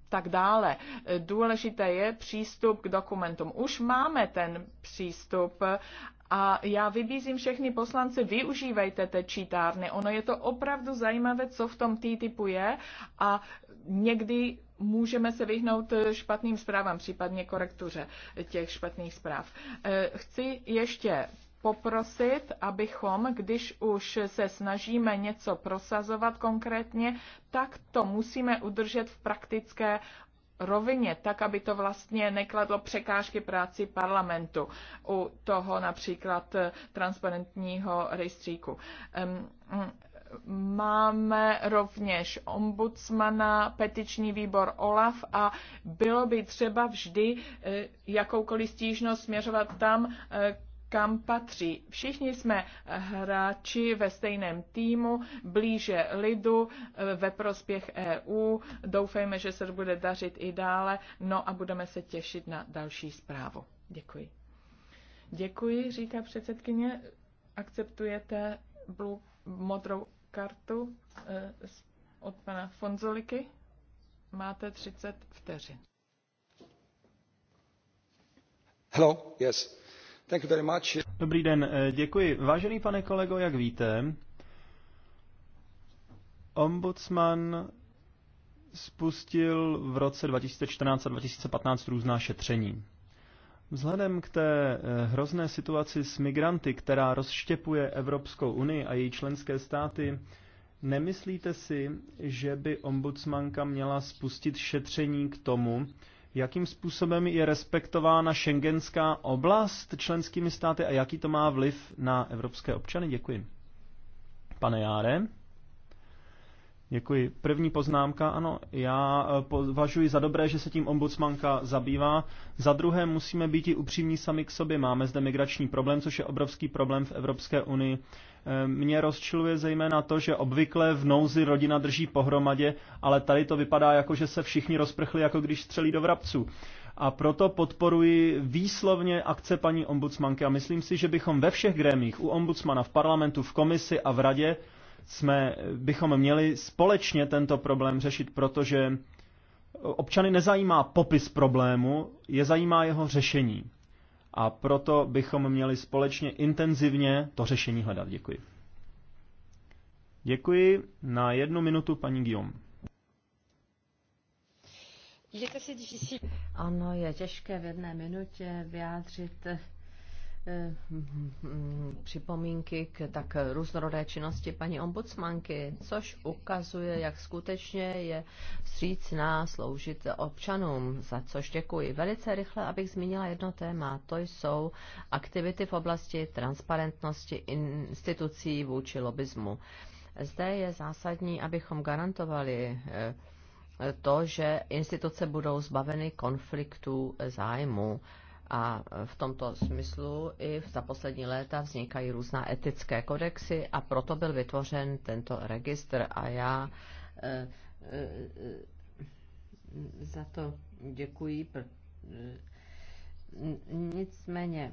tak dále. Důležité je přístup k dokumentům. Už máme ten přístup a já vybízím všechny poslance, využívejte té čítárny. Ono je to opravdu zajímavé, co v tom T-typu je a někdy můžeme se vyhnout eh, špatným zprávám, případně korektuře těch špatných zpráv. Eh, chci ještě poprosit, abychom, když už se snažíme něco prosazovat konkrétně, tak to musíme udržet v praktické rovině, tak, aby to vlastně nekladlo překážky práci parlamentu u toho například eh, transparentního rejstříku. Mm, máme rovněž ombudsmana, petiční výbor OLAF a bylo by třeba vždy eh, jakoukoliv stížnost směřovat tam, eh, kam patří. Všichni jsme hráči ve stejném týmu, blíže lidu, eh, ve prospěch EU. Doufejme, že se to bude dařit i dále, no a budeme se těšit na další zprávu. Děkuji. Děkuji, říká předsedkyně. Akceptujete blue, modrou kartu eh, od pana Fonzoliky? Máte 30 vteřin. Hello, yes. Thank you very much. Dobrý den, eh, děkuji. Vážený pane kolego, jak víte, ombudsman spustil v roce 2014 a 2015 různá šetření. Vzhledem k té eh, hrozné situaci s migranty, která rozštěpuje Evropskou unii a její členské státy, nemyslíte si, že by ombudsmanka měla spustit šetření k tomu, jakým způsobem je respektována šengenská oblast členskými státy a jaký to má vliv na evropské občany? Děkuji. Pane Járe. Děkuji. První poznámka, ano, já eh, považuji za dobré, že se tím ombudsmanka zabývá. Za druhé musíme být i upřímní sami k sobě. Máme zde migrační problém, což je obrovský problém v Evropské unii. Eh, mě rozčiluje zejména to, že obvykle v nouzi rodina drží pohromadě, ale tady to vypadá jako, že se všichni rozprchli, jako když střelí do vrabců. A proto podporuji výslovně akce paní ombudsmanky a myslím si, že bychom ve všech grémích, u ombudsmana v parlamentu, v komisi a v radě, jsme, bychom měli společně tento problém řešit, protože občany nezajímá popis problému, je zajímá jeho řešení. A proto bychom měli společně intenzivně to řešení hledat. Děkuji. Děkuji. Na jednu minutu paní Guillaume. Ano, je těžké v jedné minutě vyjádřit připomínky k tak různorodé činnosti paní ombudsmanky, což ukazuje, jak skutečně je vstřícná sloužit občanům, za což děkuji. Velice rychle, abych zmínila jedno téma, to jsou aktivity v oblasti transparentnosti institucí vůči lobismu. Zde je zásadní, abychom garantovali eh, to, že instituce budou zbaveny konfliktů zájmu a v tomto smyslu i za poslední léta vznikají různá etické kodexy a proto byl vytvořen tento registr. A já e, e, za to děkuji. Eh, nicméně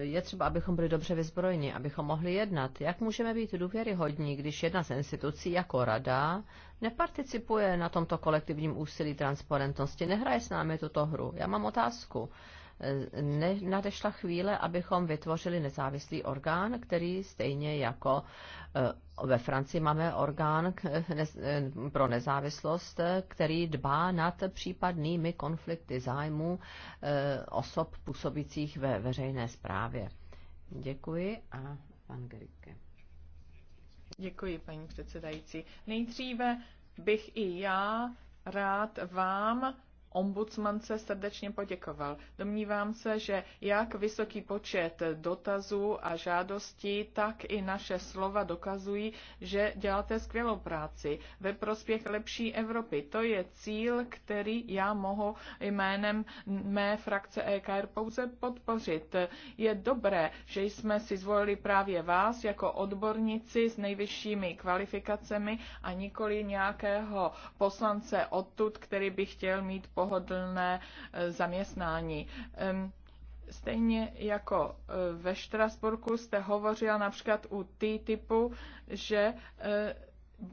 je třeba, abychom byli dobře vyzbrojeni, abychom mohli jednat. Jak můžeme být důvěryhodní, když jedna z institucí jako rada neparticipuje na tomto kolektivním úsilí transparentnosti, nehraje s námi tuto hru? Já mám otázku ne, nadešla chvíle, abychom vytvořili nezávislý orgán, který stejně jako eh, ve Francii máme orgán eh, pro nezávislost, který dbá nad případnými konflikty zájmů eh, osob působících ve veřejné správě. Děkuji a pan Gericke. Děkuji, paní předsedající. Nejdříve bych i já rád vám ombudsmance srdečně poděkoval. Domnívám se, že jak vysoký počet dotazů a žádostí, tak i naše slova dokazují, že děláte skvělou práci ve prospěch lepší Evropy. To je cíl, který já mohu jménem mé frakce EKR pouze podpořit. Je dobré, že jsme si zvolili právě vás jako odbornici s nejvyššími kvalifikacemi a nikoli nějakého poslance odtud, který by chtěl mít po pohodlné eh, zaměstnání. Stejně jako eh, ve Štrasburku jste hovořila například u T-typu, že eh,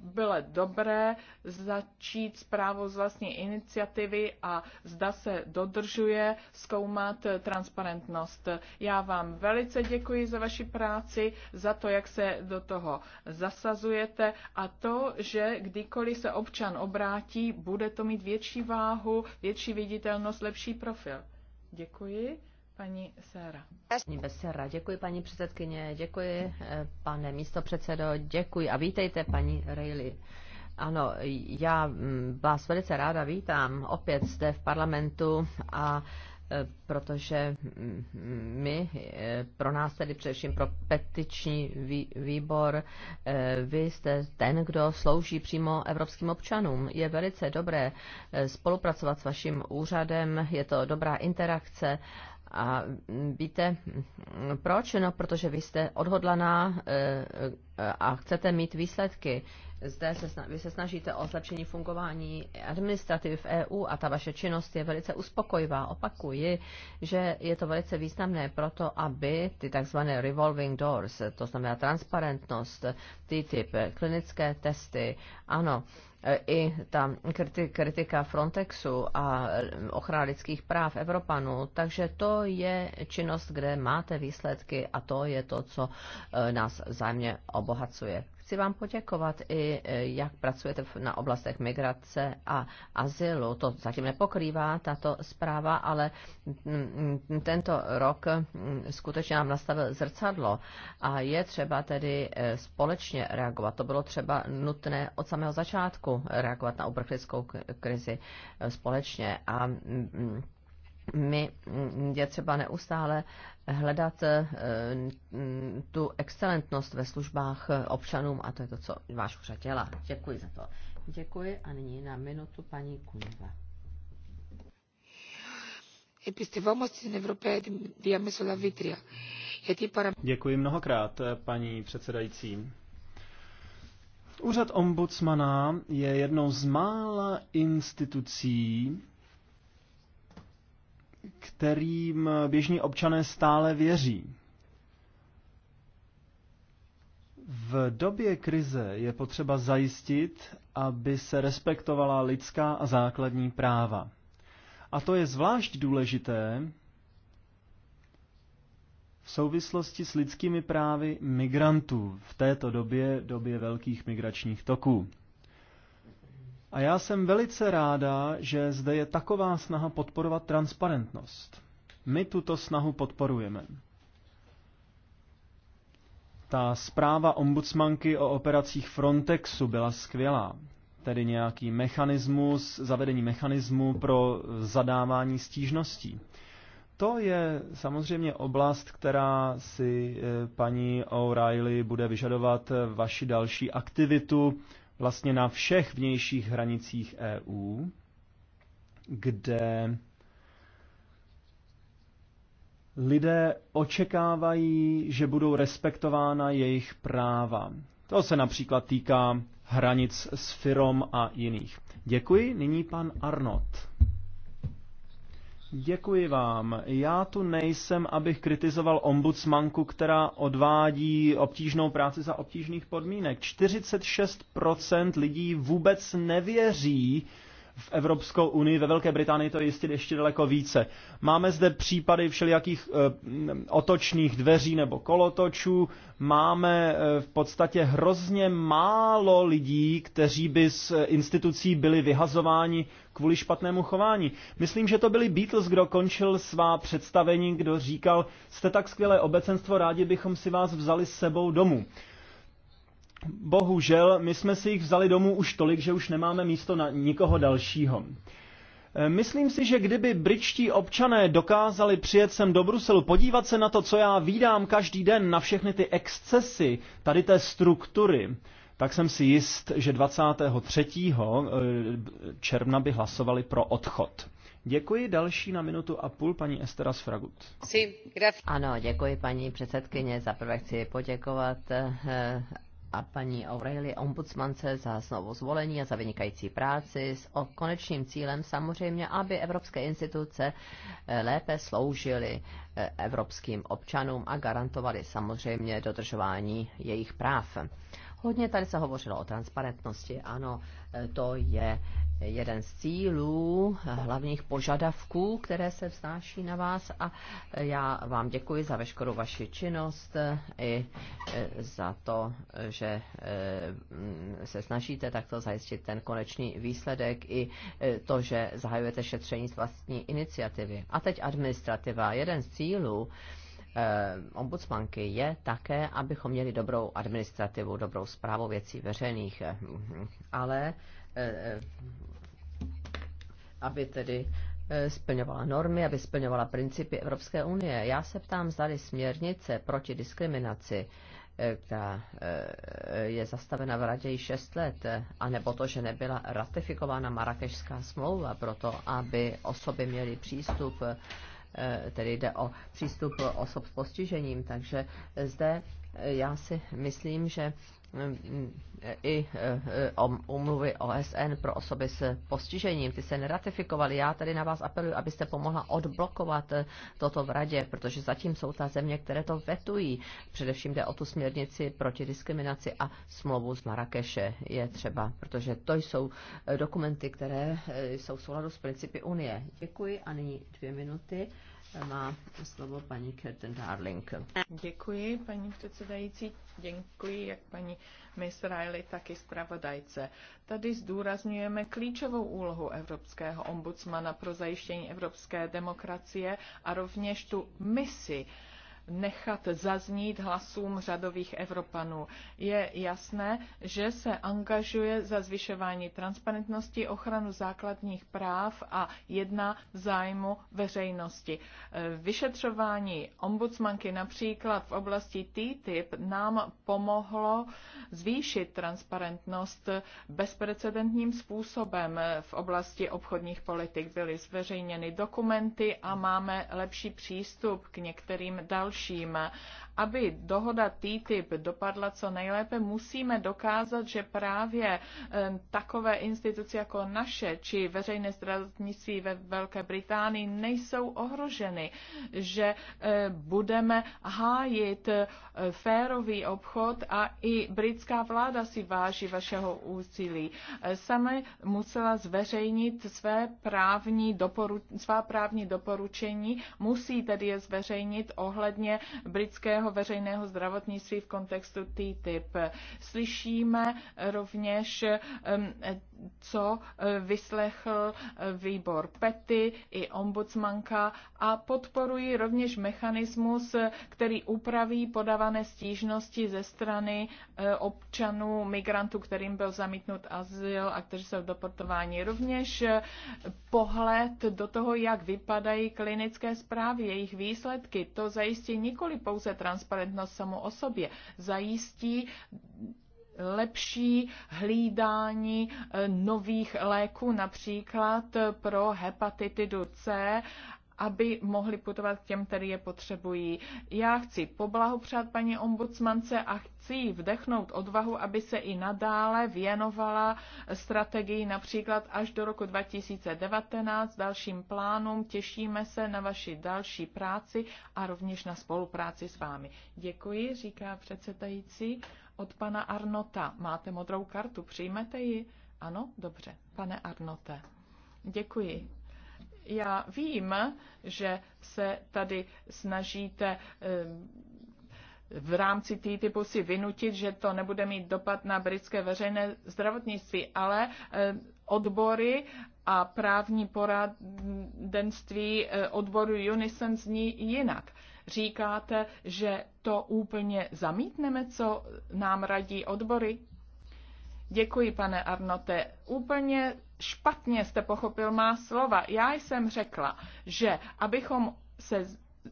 bylo dobré začít zprávu z vlastní iniciativy a zda se dodržuje zkoumat transparentnost. Já vám velice děkuji za vaši práci, za to, jak se do toho zasazujete a to, že kdykoliv se občan obrátí, bude to mít větší váhu, větší viditelnost, lepší profil. Děkuji paní Sera. Paní Besera, děkuji paní předsedkyně, děkuji eh, pane místopředsedo, děkuji a vítejte paní Rejli. Ano, já mm, vás velice ráda vítám opět zde v parlamentu a eh, protože mm, my, eh, pro nás tedy především pro petiční výbor, vy jste ten, kdo slouží přímo evropským občanům. Je velice dobré spolupracovat s vaším úřadem, je to dobrá interakce a mm, víte mm, proč? No, protože vy jste odhodlaná eh, eh, a chcete mít výsledky. Zde se, vy se snažíte o zlepšení fungování administrativy v EU a ta vaše činnost je velice uspokojivá. Opakuji, že je to velice významné proto, aby ty tzv. revolving doors, to znamená transparentnost, TTIP, klinické testy, ano, i ta kritika Frontexu a ochrana lidských práv Evropanů. Takže to je činnost, kde máte výsledky a to je to, co eh, nás vzájemně obohacuje chci vám poděkovat i, e, jak pracujete na oblastech migrace a azylu. To zatím nepokrývá tato zpráva, ale mm, mm, tento rok mm, skutečně nám nastavil zrcadlo a je třeba tedy e, společně reagovat. To bylo třeba nutné od samého začátku reagovat na uprchlickou krizi e, společně a my mm, je třeba neustále hledat eh, mm, tu excelentnost ve službách eh, občanům a to je to, co váš úřad dělá. Děkuji za to. Děkuji a nyní na minutu paní Kunva. Eh, Děkuji mnohokrát, paní předsedající. Úřad ombudsmana je jednou z mála institucí, kterým běžní občané stále věří. V době krize je potřeba zajistit, aby se respektovala lidská a základní práva. A to je zvlášť důležité v souvislosti s lidskými právy migrantů v této době, době velkých migračních toků. A já jsem velice ráda, že zde je taková snaha podporovat transparentnost. My tuto snahu podporujeme. Ta zpráva ombudsmanky o operacích Frontexu byla skvělá. Tedy nějaký mechanismus, zavedení mechanismu pro zadávání stížností. To je samozřejmě oblast, která si eh, paní O'Reilly bude vyžadovat eh, vaši další aktivitu vlastně na všech vnějších hranicích EU, kde lidé očekávají, že budou respektována jejich práva. To se například týká hranic s Firom a jiných. Děkuji. Nyní pan Arnott. Děkuji vám. Já tu nejsem, abych kritizoval ombudsmanku, která odvádí obtížnou práci za obtížných podmínek. 46% lidí vůbec nevěří, v Evropskou unii, ve Velké Británii to je jistě ještě daleko více. Máme zde případy všelijakých e, otočných dveří nebo kolotočů, máme e, v podstatě hrozně málo lidí, kteří by z eh, institucí byli vyhazováni kvůli špatnému chování. Myslím, že to byli Beatles, kdo končil svá představení, kdo říkal, jste tak skvělé obecenstvo, rádi bychom si vás vzali s sebou domů. Bohužel, my jsme si jich vzali domů už tolik, že už nemáme místo na nikoho dalšího. E, myslím si, že kdyby britští občané dokázali přijet sem do Bruselu, podívat se na to, co já vídám každý den, na všechny ty excesy, tady té struktury, tak jsem si jist, že 23. E, června by hlasovali pro odchod. Děkuji další na minutu a půl paní Estera Sfragut. Ano, děkuji paní předsedkyně. Za prvé chci poděkovat e, a paní Aurelie ombudsmance za znovu zvolení a za vynikající práci s konečným cílem samozřejmě, aby evropské instituce eh, lépe sloužily eh, evropským občanům a garantovaly samozřejmě dodržování jejich práv. Hodně tady se hovořilo o transparentnosti. Ano, to je jeden z cílů, eh, hlavních požadavků, které se vznáší na vás a eh, já vám děkuji za veškerou vaši činnost eh, i za to, že mm, se snažíte takto zajistit ten konečný výsledek i to, že zahajujete šetření z vlastní iniciativy. A teď administrativa. Jeden z cílů, Eh, ombudsmanky je také, abychom měli dobrou administrativu, dobrou zprávu věcí veřejných. Eh, ale eh, aby tedy splňovala normy, aby splňovala principy Evropské unie. Já se ptám, zdali směrnice proti diskriminaci, která je zastavena v radě 6 let, anebo to, že nebyla ratifikována Marrakešská smlouva proto, aby osoby měly přístup Eh, tedy jde o přístup osob s postižením, takže zde já si myslím, že mm, mm, i umluvy e, e, OSN pro osoby s postižením, ty se neratifikovaly. Já tady na vás apeluji, abyste pomohla odblokovat e, toto v radě, protože zatím jsou ta země, které to vetují. Především jde o tu směrnici proti diskriminaci a smlouvu z Marrakeše je třeba, protože to jsou dokumenty, které jsou v souladu s principy Unie. Děkuji a nyní dvě minuty má slovo paní Kirsten Darling. Děkuji, paní předsedající. Děkuji jak paní Miss Riley, tak i zpravodajce. Tady zdůrazňujeme klíčovou úlohu Evropského ombudsmana pro zajištění evropské demokracie a rovněž tu misi, nechat zaznít hlasům řadových Evropanů. Je jasné, že se angažuje za zvyšování transparentnosti, ochranu základních práv a jedna zájmu veřejnosti. Vyšetřování ombudsmanky například v oblasti TTIP nám pomohlo zvýšit transparentnost bezprecedentním způsobem v oblasti obchodních politik. Byly zveřejněny dokumenty a máme lepší přístup k některým dalším dalším aby dohoda TTIP dopadla co nejlépe, musíme dokázat, že právě takové instituce jako naše či veřejné zdravotnictví ve Velké Británii nejsou ohroženy, že eh, budeme hájit eh, férový obchod a i britská vláda si váží vašeho úsilí. Eh, sama musela zveřejnit své právní doporu, svá právní doporučení, musí tedy je zveřejnit ohledně britského veřejného zdravotnictví v kontextu TTIP. Slyšíme rovněž, co e, vyslechl e, výbor PETY i ombudsmanka a podporují rovněž mechanismus, e, který upraví podávané stížnosti ze strany občanů, migrantů, kterým byl zamítnut azyl a kteří jsou deportováni. Rovněž pohled do toho, jak vypadají klinické zprávy, jejich výsledky, to zajistí nikoli pouze trans transparentnost samo o sobě. Zajistí lepší hlídání eh, nových léků, například pro hepatitidu C aby mohli putovat k těm, který je potřebují. Já chci poblahopřát paní ombudsmance a chci jí vdechnout odvahu, aby se i nadále věnovala strategii například až do roku 2019 dalším plánům. Těšíme se na vaši další práci a rovněž na spolupráci s vámi. Děkuji, říká předsedající. Od pana Arnota máte modrou kartu, přijmete ji? Ano, dobře, pane Arnote. Děkuji. Já vím, že se tady snažíte ehm, v rámci TTIPu si vynutit, že to nebude mít dopad na britské veřejné zdravotnictví, ale ehm, odbory a právní poradenství eh, odboru Unison zní jinak. Říkáte, že to úplně zamítneme, co nám radí odbory? Děkuji, pane Arnote. Úplně špatně jste pochopil má slova. Já jsem řekla, že abychom se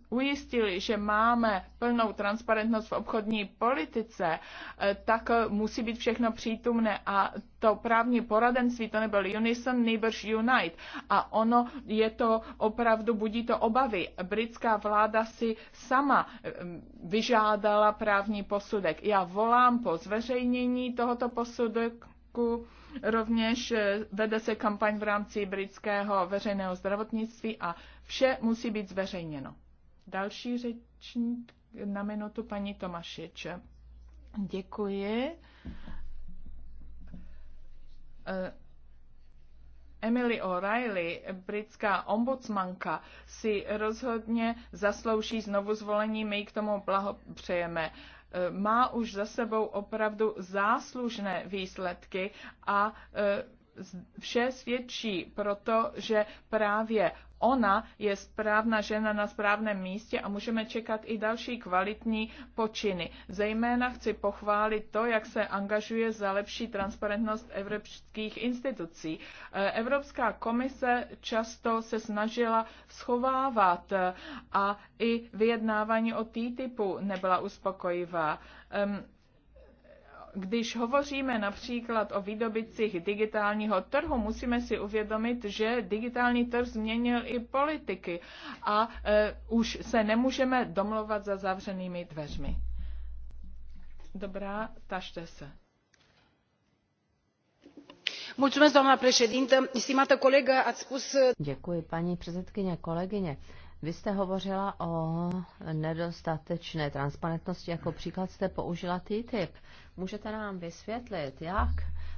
ujistili, že máme plnou transparentnost v obchodní politice, eh, tak musí být všechno přítomné a to právní poradenství, to nebyl Unison, neighbors Unite. A ono je to opravdu, budí to obavy. Britská vláda si sama eh, vyžádala právní posudek. Já volám po zveřejnění tohoto posudku, Rovněž eh, vede se kampaň v rámci britského veřejného zdravotnictví a vše musí být zveřejněno. Další řečník na minutu paní Tomašič. Děkuji. Eh, Emily O'Reilly, britská ombudsmanka, si rozhodně zaslouží znovu zvolení, my k tomu blahopřejeme. Eh, má už za sebou opravdu záslužné výsledky a eh, vše svědčí proto, že právě ona je správná žena na správném místě a můžeme čekat i další kvalitní počiny. Zejména chci pochválit to, jak se angažuje za lepší transparentnost evropských institucí. Evropská komise často se snažila schovávat a i vyjednávání o TTIPu nebyla uspokojivá když hovoříme například o výdobicích digitálního trhu, musíme si uvědomit, že digitální trh změnil i politiky a e, už se nemůžeme domlouvat za zavřenými dveřmi. Dobrá, tašte se. Mulțumesc, doamna președintă. Stimată colegă, ați spus... E, Děkuji, paní předsedkyně, kolegyně. Vy jste hovořila o nedostatečné transparentnosti, jako příklad jste použila TTIP. Můžete nám vysvětlit, jak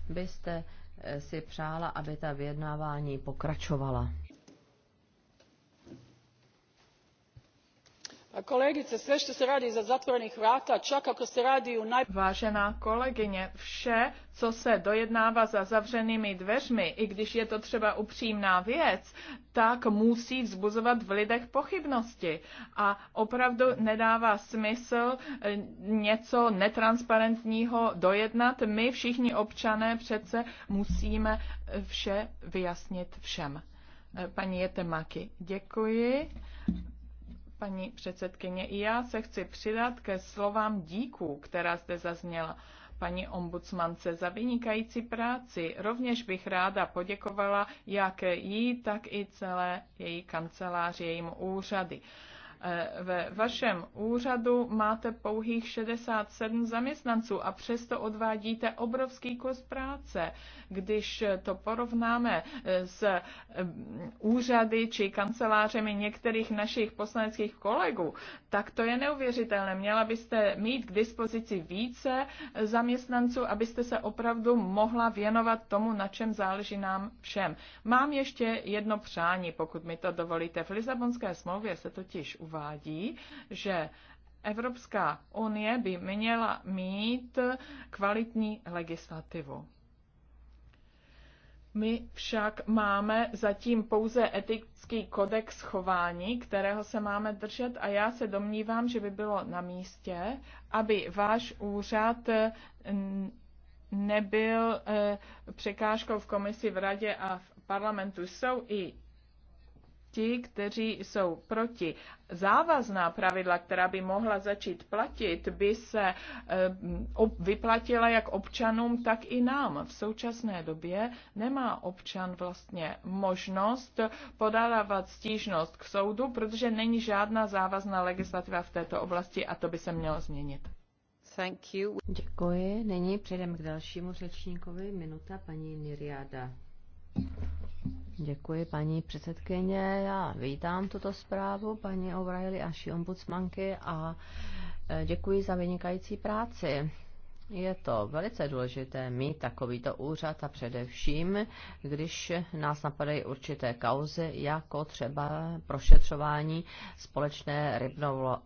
byste eh, si přála, aby ta vyjednávání pokračovala? Kolegice, sve to se radi iza zatvorenih vrata, ak ako se radi u naj... vaena kolegyně, vše, co se dojednává za zavřenými dveřmi, i když je to třeba upřímná věc, tak musí vzbuzovat v lidech pochybnosti. A opravdu nedává smysl eh, něco netransparentního dojednat. My všichni občané přece musíme vše vyjasnit všem. Eh, paní Jetemaki, děkuji. Paní předsedkyně, i já se chci přidat ke slovám díků, která zde zazněla paní ombudsmance za vynikající práci. Rovněž bych ráda poděkovala jak jí, tak i celé její kanceláři, jejímu úřady. Eh, ve vašem úřadu máte pouhých 67 zaměstnanců a přesto odvádíte obrovský kus práce. Když to porovnáme eh, s eh, úřady či kancelářemi některých našich poslaneckých kolegů, tak to je neuvěřitelné. Měla byste mít k dispozici více zaměstnanců, abyste se opravdu mohla věnovat tomu, na čem záleží nám všem. Mám ještě jedno přání, pokud mi to dovolíte. V Lisabonské smlouvě se totiž uvádí, uvádí, že Evropská unie by měla mít kvalitní legislativu. My však máme zatím pouze etický kodex chování, kterého se máme držet a já se domnívám, že by bylo na místě, aby váš úřad eh, nebyl eh, překážkou v komisi v radě a v parlamentu. Jsou i ti, kteří jsou proti. Závazná pravidla, která by mohla začít platit, by se eh, vyplatila jak občanům, tak i nám. V současné době nemá občan vlastně možnost podávat stížnost k soudu, protože není žádná závazná legislativa v této oblasti a to by se mělo změnit. Thank you. Děkuji. Nyní přejdeme k dalšímu řečníkovi. Minuta paní Niriada. Děkuji, paní předsedkyně. Já vítám tuto zprávu paní O'Reilly a ombudsmanky a e, děkuji za vynikající práci je to velice důležité mít takovýto úřad a především, když nás napadají určité kauzy, jako třeba prošetřování společné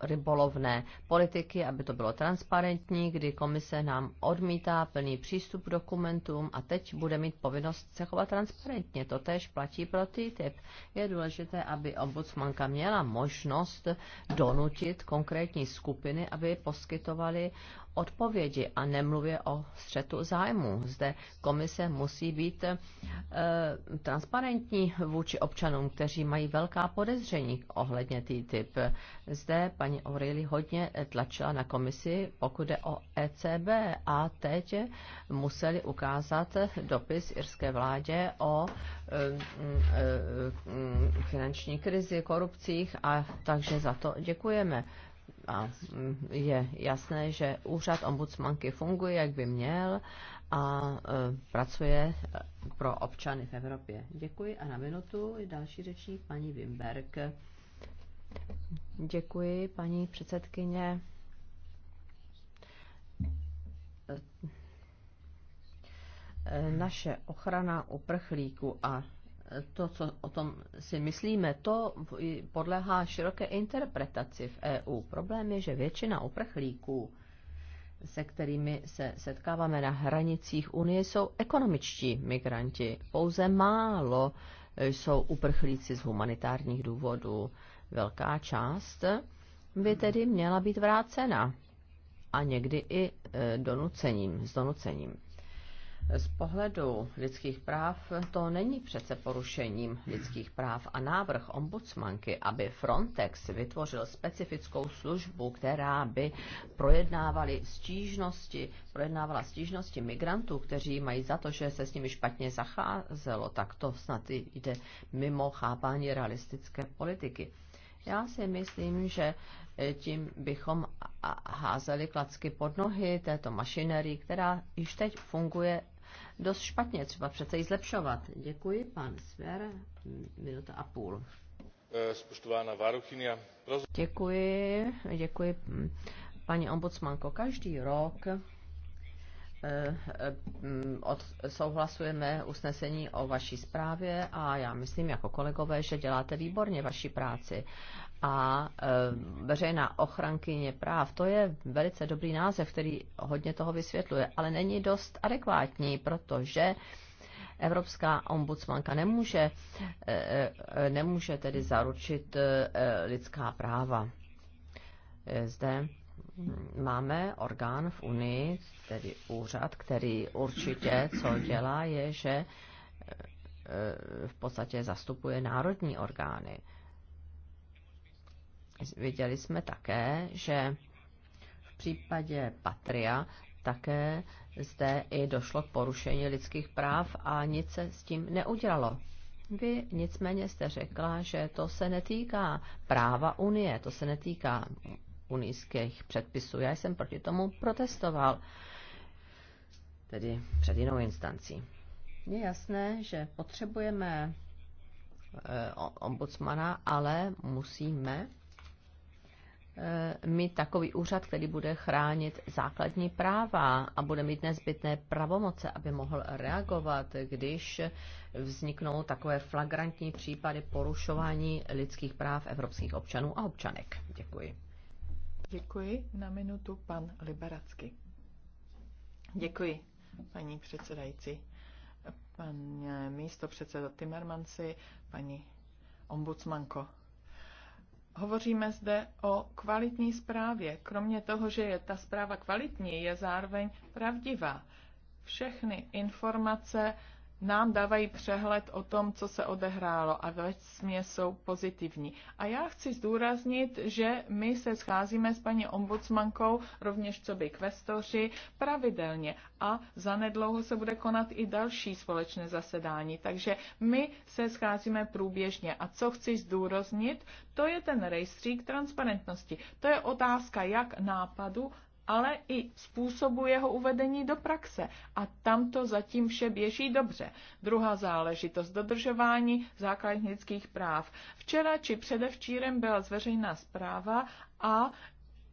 rybolovné politiky, aby to bylo transparentní, kdy komise nám odmítá plný přístup k dokumentům a teď bude mít povinnost se chovat transparentně. To tež platí pro TTIP. Je důležité, aby ombudsmanka měla možnost donutit konkrétní skupiny, aby poskytovali odpovědi a ne nemluvě o střetu zájmu. Zde komise musí být e, transparentní vůči občanům, kteří mají velká podezření ohledně tý typ. Zde paní Aureli hodně tlačila na komisi, pokud je o ECB a teď museli ukázat dopis irské vládě o e, e, finanční krizi, korupcích a takže za to děkujeme a mm, je jasné, že úřad ombudsmanky funguje, jak by měl a e, pracuje pro občany v Evropě. Děkuji a na minutu je další řečník paní Wimberg. Děkuji, paní předsedkyně. E, naše ochrana uprchlíků a to, co o tom si myslíme, to podléhá široké interpretaci v EU. Problém je, že většina uprchlíků, se kterými se setkáváme na hranicích Unie, jsou ekonomičtí migranti. Pouze málo e, jsou uprchlíci z humanitárních důvodů. Velká část by tedy měla být vrácena a někdy i e, donucením, s donucením z pohledu lidských práv to není přece porušením lidských práv a návrh ombudsmanky, aby Frontex vytvořil specifickou službu, která by projednávali stížnosti, projednávala stížnosti migrantů, kteří mají za to, že se s nimi špatně zacházelo, tak to snad jde mimo chápání realistické politiky. Já si myslím, že tím bychom házeli klacky pod nohy této mašinerii, která již teď funguje dost špatně, třeba přece i zlepšovat. Děkuji, pan Sver, minuta a půl. Eh, spoštovaná varuchyně. Děkuji, děkuji, hm, paní ombudsmanko. Každý rok eh, eh, odsouhlasujeme usnesení o vaší zprávě a já myslím jako kolegové, že děláte výborně vaši práci a e, veřejná ochrankyně práv, to je velice dobrý název, který hodně toho vysvětluje, ale není dost adekvátní, protože Evropská ombudsmanka nemůže, e, e, nemůže tedy zaručit lidská práva. Zde máme orgán v Unii, tedy úřad, který určitě co dělá, je, že v podstatě zastupuje národní orgány viděli jsme také, že v případě Patria také zde i došlo k porušení lidských práv a nic se s tím neudělalo. Vy nicméně jste řekla, že to se netýká práva Unie, to se netýká unijských předpisů. Já jsem proti tomu protestoval, tedy před jinou instancí. Je jasné, že potřebujeme eh, ombudsmana, ale musíme E, mít takový úřad, který bude chránit základní práva a bude mít nezbytné pravomoce, aby mohl reagovat, když vzniknou takové flagrantní případy porušování lidských práv evropských občanů a občanek. Děkuji. Děkuji. Na minutu pan Liberacky. Děkuji, paní předsedající. Pan místo předseda Timmermansi, paní ombudsmanko. Hovoříme zde o kvalitní zprávě. Kromě toho, že je ta zpráva kvalitní, je zároveň pravdivá. Všechny informace nám dávají přehled o tom, co se odehrálo a vlastně jsou pozitivní. A já chci zdůraznit, že my se scházíme s paní ombudsmankou, rovněž co by kvestoři, pravidelně a zanedlouho se bude konat i další společné zasedání. Takže my se scházíme průběžně. A co chci zdůraznit, to je ten rejstřík transparentnosti. To je otázka jak nápadu, ale i způsobu jeho uvedení do praxe. A tam to zatím vše běží dobře. Druhá záležitost dodržování základních lidských práv. Včera či předevčírem byla zveřejná zpráva a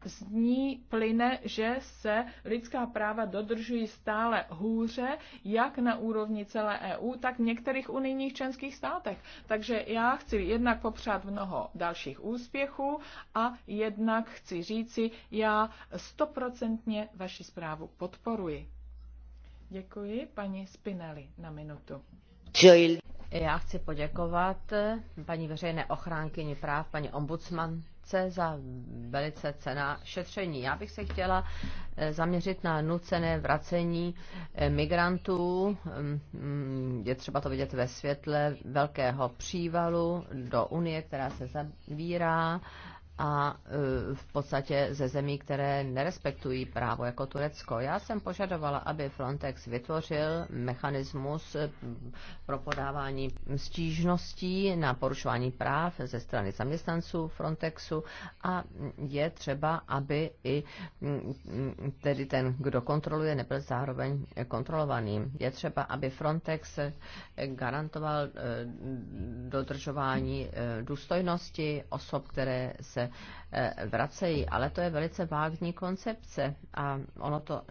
z ní plyne, že se lidská práva dodržují stále hůře, jak na úrovni celé EU, tak v některých unijních členských státech. Takže já chci jednak popřát mnoho dalších úspěchů a jednak chci říci, já stoprocentně vaši zprávu podporuji. Děkuji paní Spinelli na minutu. Já chci poděkovat paní veřejné ochránkyni práv, paní ombudsmance za velice cená šetření. Já bych se chtěla eh, zaměřit na nucené vracení eh, migrantů. Mm, mm, je třeba to vidět ve světle velkého přívalu do Unie, která se zavírá a e, v podstatě ze zemí, které nerespektují právo, jako Turecko. Já jsem požadovala, aby Frontex vytvořil mechanismus e, pro podávání stížností na porušování práv ze strany zaměstnanců Frontexu a je třeba, aby i tedy ten, kdo kontroluje, nebyl zároveň kontrolovaný. Je třeba, aby Frontex e, garantoval dodržování důstojnosti osob, které se Eh, vracejí, ale to je velice vágní koncepce a ono to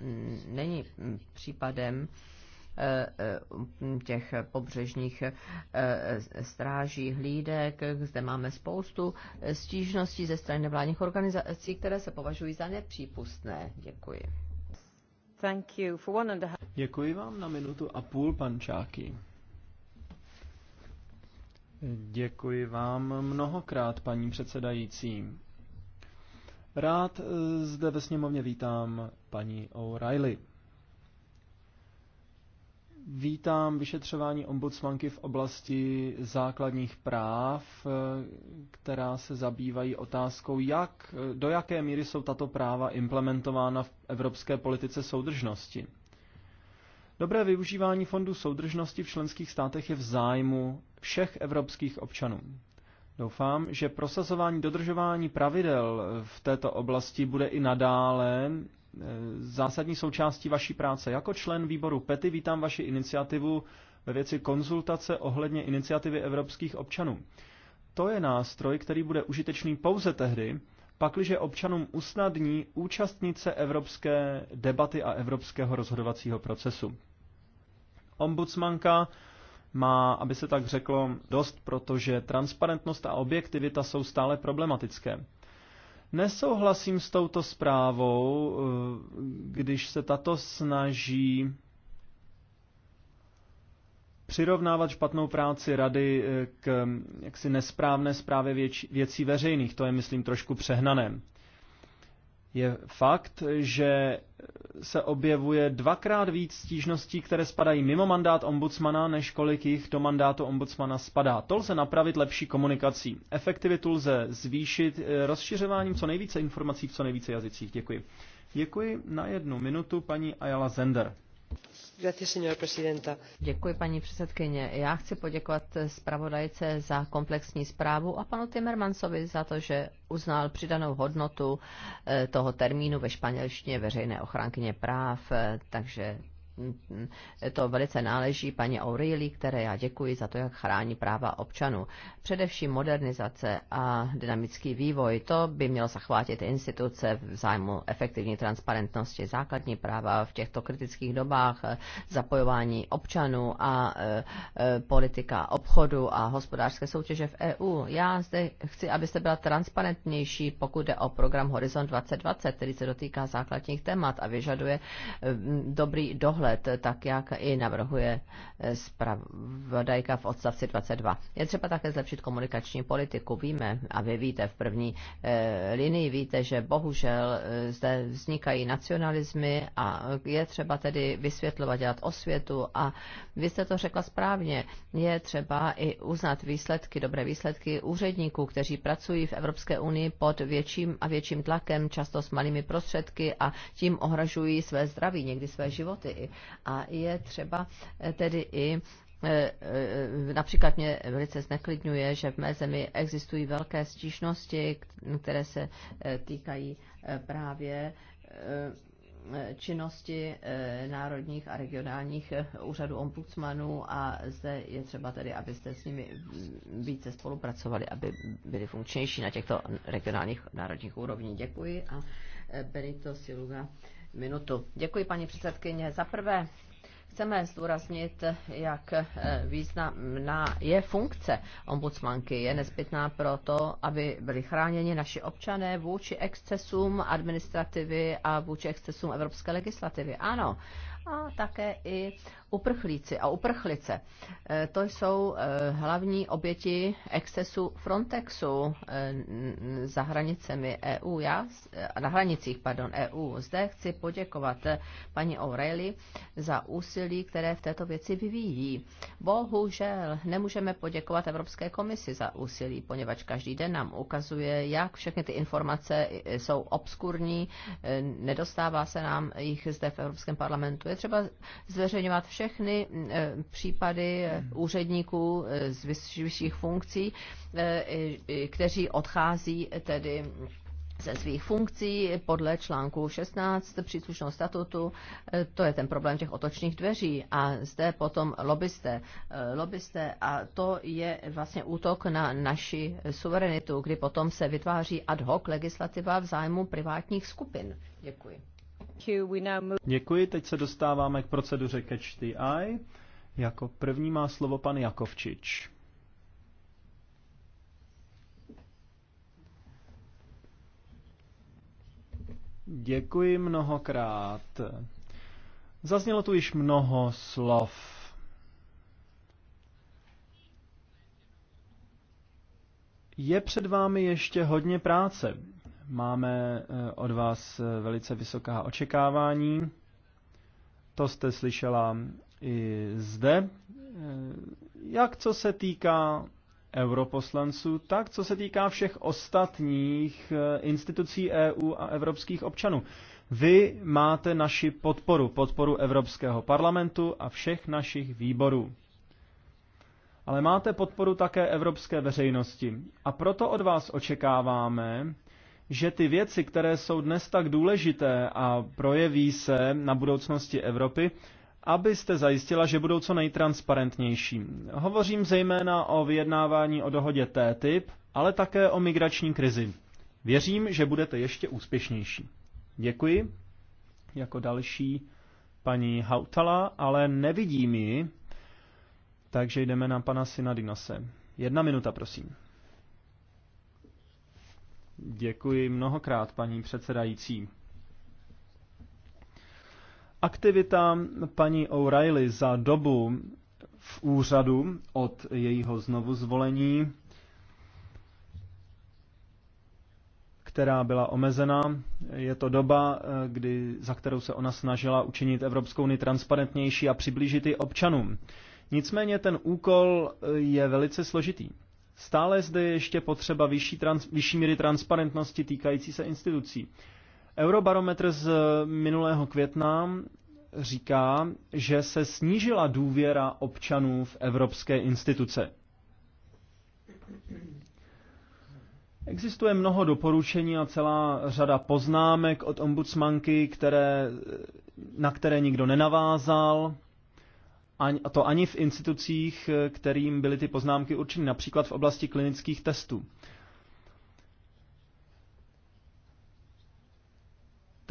není případem eh, eh, těch pobřežních stráží hlídek. Zde máme spoustu stížností ze strany nevládních organizací, které se považují za nepřípustné. Děkuji. Thank you. For one and a half... Děkuji vám na minutu a půl, pan Čáky. Děkuji vám mnohokrát, paní předsedající. Rád eh, zde ve sněmovně vítám paní O'Reilly. Vítám vyšetřování ombudsmanky v oblasti základních práv, eh, která se zabývají otázkou, jak, eh, do jaké míry jsou tato práva implementována v evropské politice soudržnosti. Dobré využívání fondů soudržnosti v členských státech je v zájmu všech evropských občanů. Doufám, že prosazování dodržování pravidel v této oblasti bude i nadále e, zásadní součástí vaší práce. Jako člen výboru PETY vítám vaši iniciativu ve věci konzultace ohledně iniciativy evropských občanů. To je nástroj, který bude užitečný pouze tehdy, pakliže občanům usnadní účastnit se evropské debaty a evropského rozhodovacího procesu. Ombudsmanka má, aby se tak řeklo, dost, protože transparentnost a objektivita jsou stále problematické. Nesouhlasím s touto zprávou, eh, když se tato snaží přirovnávat špatnou práci rady eh, k jaksi nesprávné zprávě věcí veřejných. To je, myslím, trošku přehnané je fakt, že se objevuje dvakrát víc stížností, které spadají mimo mandát ombudsmana, než kolik jich do mandátu ombudsmana spadá. To lze napravit lepší komunikací. Efektivitu lze zvýšit eh, rozšiřováním co nejvíce informací v co nejvíce jazycích. Děkuji. Děkuji na jednu minutu paní Ayala Zender. Děkuji, paní předsedkyně. Já chci poděkovat zpravodajce za komplexní zprávu a panu Timmermansovi za to, že uznal přidanou hodnotu eh, toho termínu ve španělštině veřejné ochránkyně práv, eh, takže to velice náleží paní O'Reilly, které já děkuji za to, jak chrání práva občanů. Především modernizace a dynamický vývoj, to by mělo zachvátit instituce v zájmu efektivní transparentnosti, základní práva v těchto kritických dobách, zapojování občanů a e, e, politika obchodu a hospodářské soutěže v EU. Já zde chci, abyste byla transparentnější, pokud jde o program Horizon 2020, který se dotýká základních témat a vyžaduje e, dobrý dohled let, tak jak i navrhuje eh, zpravodajka v odstavci 22. Je třeba také zlepšit komunikační politiku. Víme, a vy víte v první eh, linii, víte, že bohužel eh, zde vznikají nacionalismy a je třeba tedy vysvětlovat, dělat osvětu a vy jste to řekla správně. Je třeba i uznat výsledky, dobré výsledky úředníků, kteří pracují v Evropské unii pod větším a větším tlakem, často s malými prostředky a tím ohrožují své zdraví, někdy své životy. A je třeba eh, tedy i eh, eh, Například mě velice zneklidňuje, že v mé zemi existují velké stížnosti, které se týkají právě činnosti národních a regionálních úřadů ombudsmanů a zde je třeba tedy, abyste s nimi více spolupracovali, aby byli funkčnější na těchto regionálních národních úrovních. Děkuji a Benito Siluga minutu. Děkuji, paní předsedkyně. Za prvé Chceme zdůraznit, jak eh, významná je funkce ombudsmanky. Je nezbytná proto, aby byli chráněni naši občané vůči excesům administrativy a vůči excesům evropské legislativy. Ano, a také i uprchlíci a uprchlice. Eh, to jsou eh, hlavní oběti excesu Frontexu za hranicemi EU, já, na hranicích pardon, EU. Zde chci poděkovat paní O'Reilly za úsilí úsilí, které v této věci vyvíjí. Bohužel nemůžeme poděkovat Evropské komisi za úsilí, poněvadž každý den nám ukazuje, jak všechny ty informace jsou obskurní, nedostává se nám jich zde v Evropském parlamentu. Je třeba zveřejňovat všechny eh, případy eh, úředníků eh, z vyšších funkcí, kteří odchází tedy ze svých funkcí podle článku 16 příslušného statutu. Eh, to je ten problém těch otočných dveří. A zde potom lobbyste. Eh, lobbyste a to je vlastně útok na naši suverenitu, kdy potom se vytváří ad hoc legislativa v zájmu privátních skupin. Děkuji. Děkuji, teď se dostáváme k proceduře Catch the Eye. Jako první má slovo pan Jakovčič. Děkuji mnohokrát. Zaznělo tu již mnoho slov. Je před vámi ještě hodně práce. Máme eh, od vás eh, velice vysoká očekávání. To jste slyšela i zde. Eh, jak co se týká europoslanců, tak co se týká všech ostatních eh, institucí EU a evropských občanů. Vy máte naši podporu, podporu Evropského parlamentu a všech našich výborů. Ale máte podporu také evropské veřejnosti. A proto od vás očekáváme, že ty věci, které jsou dnes tak důležité a projeví se na budoucnosti Evropy, abyste zajistila, že budou co nejtransparentnější. Hovořím zejména o vyjednávání o dohodě TTIP, ale také o migrační krizi. Věřím, že budete ještě úspěšnější. Děkuji. Jako další paní Hautala, ale nevidím ji, takže jdeme na pana dynase. Jedna minuta, prosím. Děkuji mnohokrát, paní předsedající. Aktivita paní O'Reilly za dobu v úřadu od jejího znovu zvolení, která byla omezená, je to doba, eh, kdy, za kterou se ona snažila učinit Evropskou unii transparentnější a přiblížit ji občanům. Nicméně ten úkol eh, je velice složitý. Stále zde je ještě potřeba vyšší, trans, vyšší míry transparentnosti týkající se institucí. Eurobarometr z eh, minulého května říká, že se snížila důvěra občanů v evropské instituce. Existuje mnoho doporučení a celá řada poznámek od ombudsmanky, které, eh, na které nikdo nenavázal, a to ani v institucích, eh, kterým byly ty poznámky určeny, například v oblasti klinických testů.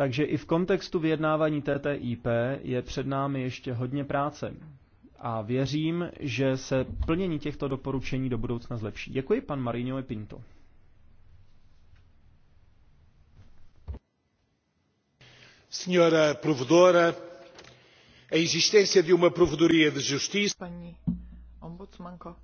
Takže i v kontextu vyjednávání TTIP je před námi ještě hodně práce. A věřím, že se plnění těchto doporučení do budoucna zlepší. Děkuji, pan Marino e Pinto. Senhora Provedora, a existência de uma Provedoria de Justiça. Pani ombudsmanko,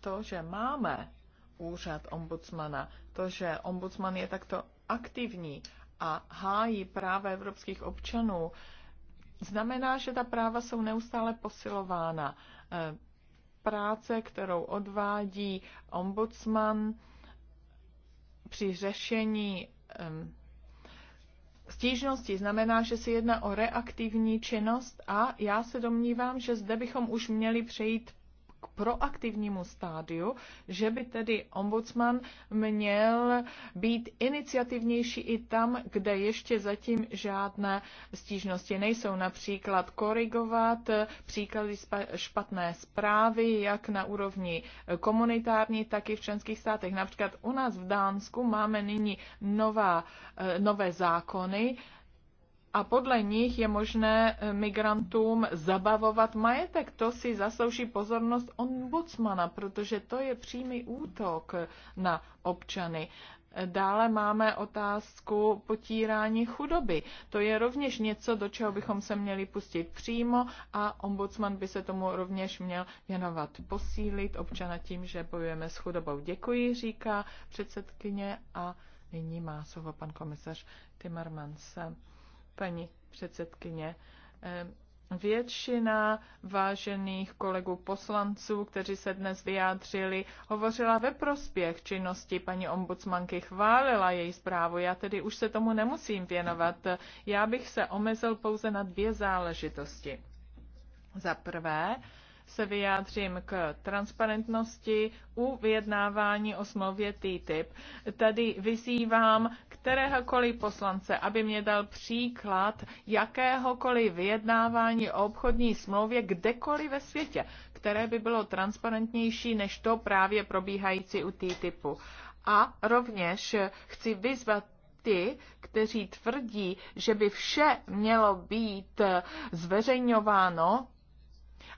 to, že máme úřad ombudsmana, to, že ombudsman je takto aktivní a hájí práva evropských občanů, znamená, že ta práva jsou neustále posilována. E, práce, kterou odvádí ombudsman při řešení stížnosti, znamená, že se jedná o reaktivní činnost a já se domnívám, že zde bychom už měli přejít proaktivnímu stádiu, že by tedy ombudsman měl být iniciativnější i tam, kde ještě zatím žádné stížnosti nejsou. Například korigovat příklady špatné zprávy, jak na úrovni komunitární, tak i v členských státech. Například u nás v Dánsku máme nyní nová, eh, nové zákony, a podle nich je možné eh, migrantům zabavovat majetek. To si zaslouží pozornost ombudsmana, protože to je přímý útok na občany. Dále máme otázku potírání chudoby. To je rovněž něco, do čeho bychom se měli pustit přímo a ombudsman by se tomu rovněž měl věnovat. Posílit občana tím, že bojujeme s chudobou. Děkuji, říká předsedkyně a nyní má slovo pan komisař Timmermans paní předsedkyně. Eh, většina vážených kolegů poslanců, kteří se dnes vyjádřili, hovořila ve prospěch činnosti paní ombudsmanky, chválila její zprávu. Já tedy už se tomu nemusím věnovat. Já bych se omezil pouze na dvě záležitosti. Za prvé, se vyjádřím k transparentnosti u vyjednávání o smlouvě TTIP. Tady vyzývám kteréhokoliv poslance, aby mě dal příklad jakéhokoliv vyjednávání o obchodní smlouvě kdekoliv ve světě, které by bylo transparentnější než to právě probíhající u TTIPu. A rovněž chci vyzvat ty, kteří tvrdí, že by vše mělo být zveřejňováno,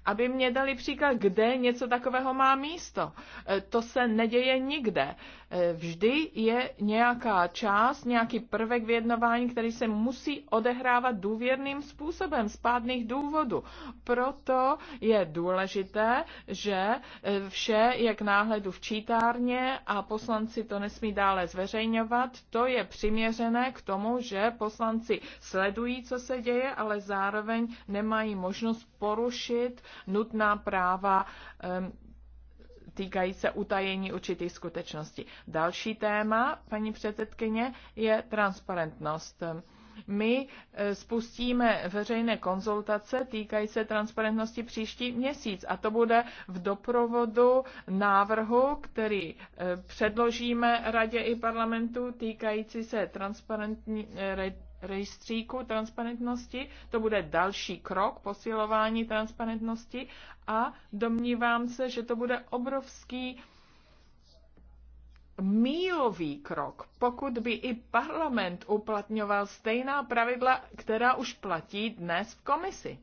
aby mě dali příklad, kde něco takového má místo. E, to se neděje nikde. E, vždy je nějaká část, nějaký prvek vědnování, který se musí odehrávat důvěrným způsobem z pádných důvodů. Proto je důležité, že e, vše jak náhledu v čítárně a poslanci to nesmí dále zveřejňovat. To je přiměřené k tomu, že poslanci sledují, co se děje, ale zároveň nemají možnost porušit nutná práva týkají se utajení určitých skutečností. Další téma, paní předsedkyně, je transparentnost. My e, spustíme veřejné konzultace týkají se transparentnosti příští měsíc a to bude v doprovodu návrhu, který e, předložíme radě i parlamentu týkající se transparentní e, rejstříku transparentnosti. To bude další krok posilování transparentnosti a domnívám se, že to bude obrovský mílový krok, pokud by i parlament uplatňoval stejná pravidla, která už platí dnes v komisi.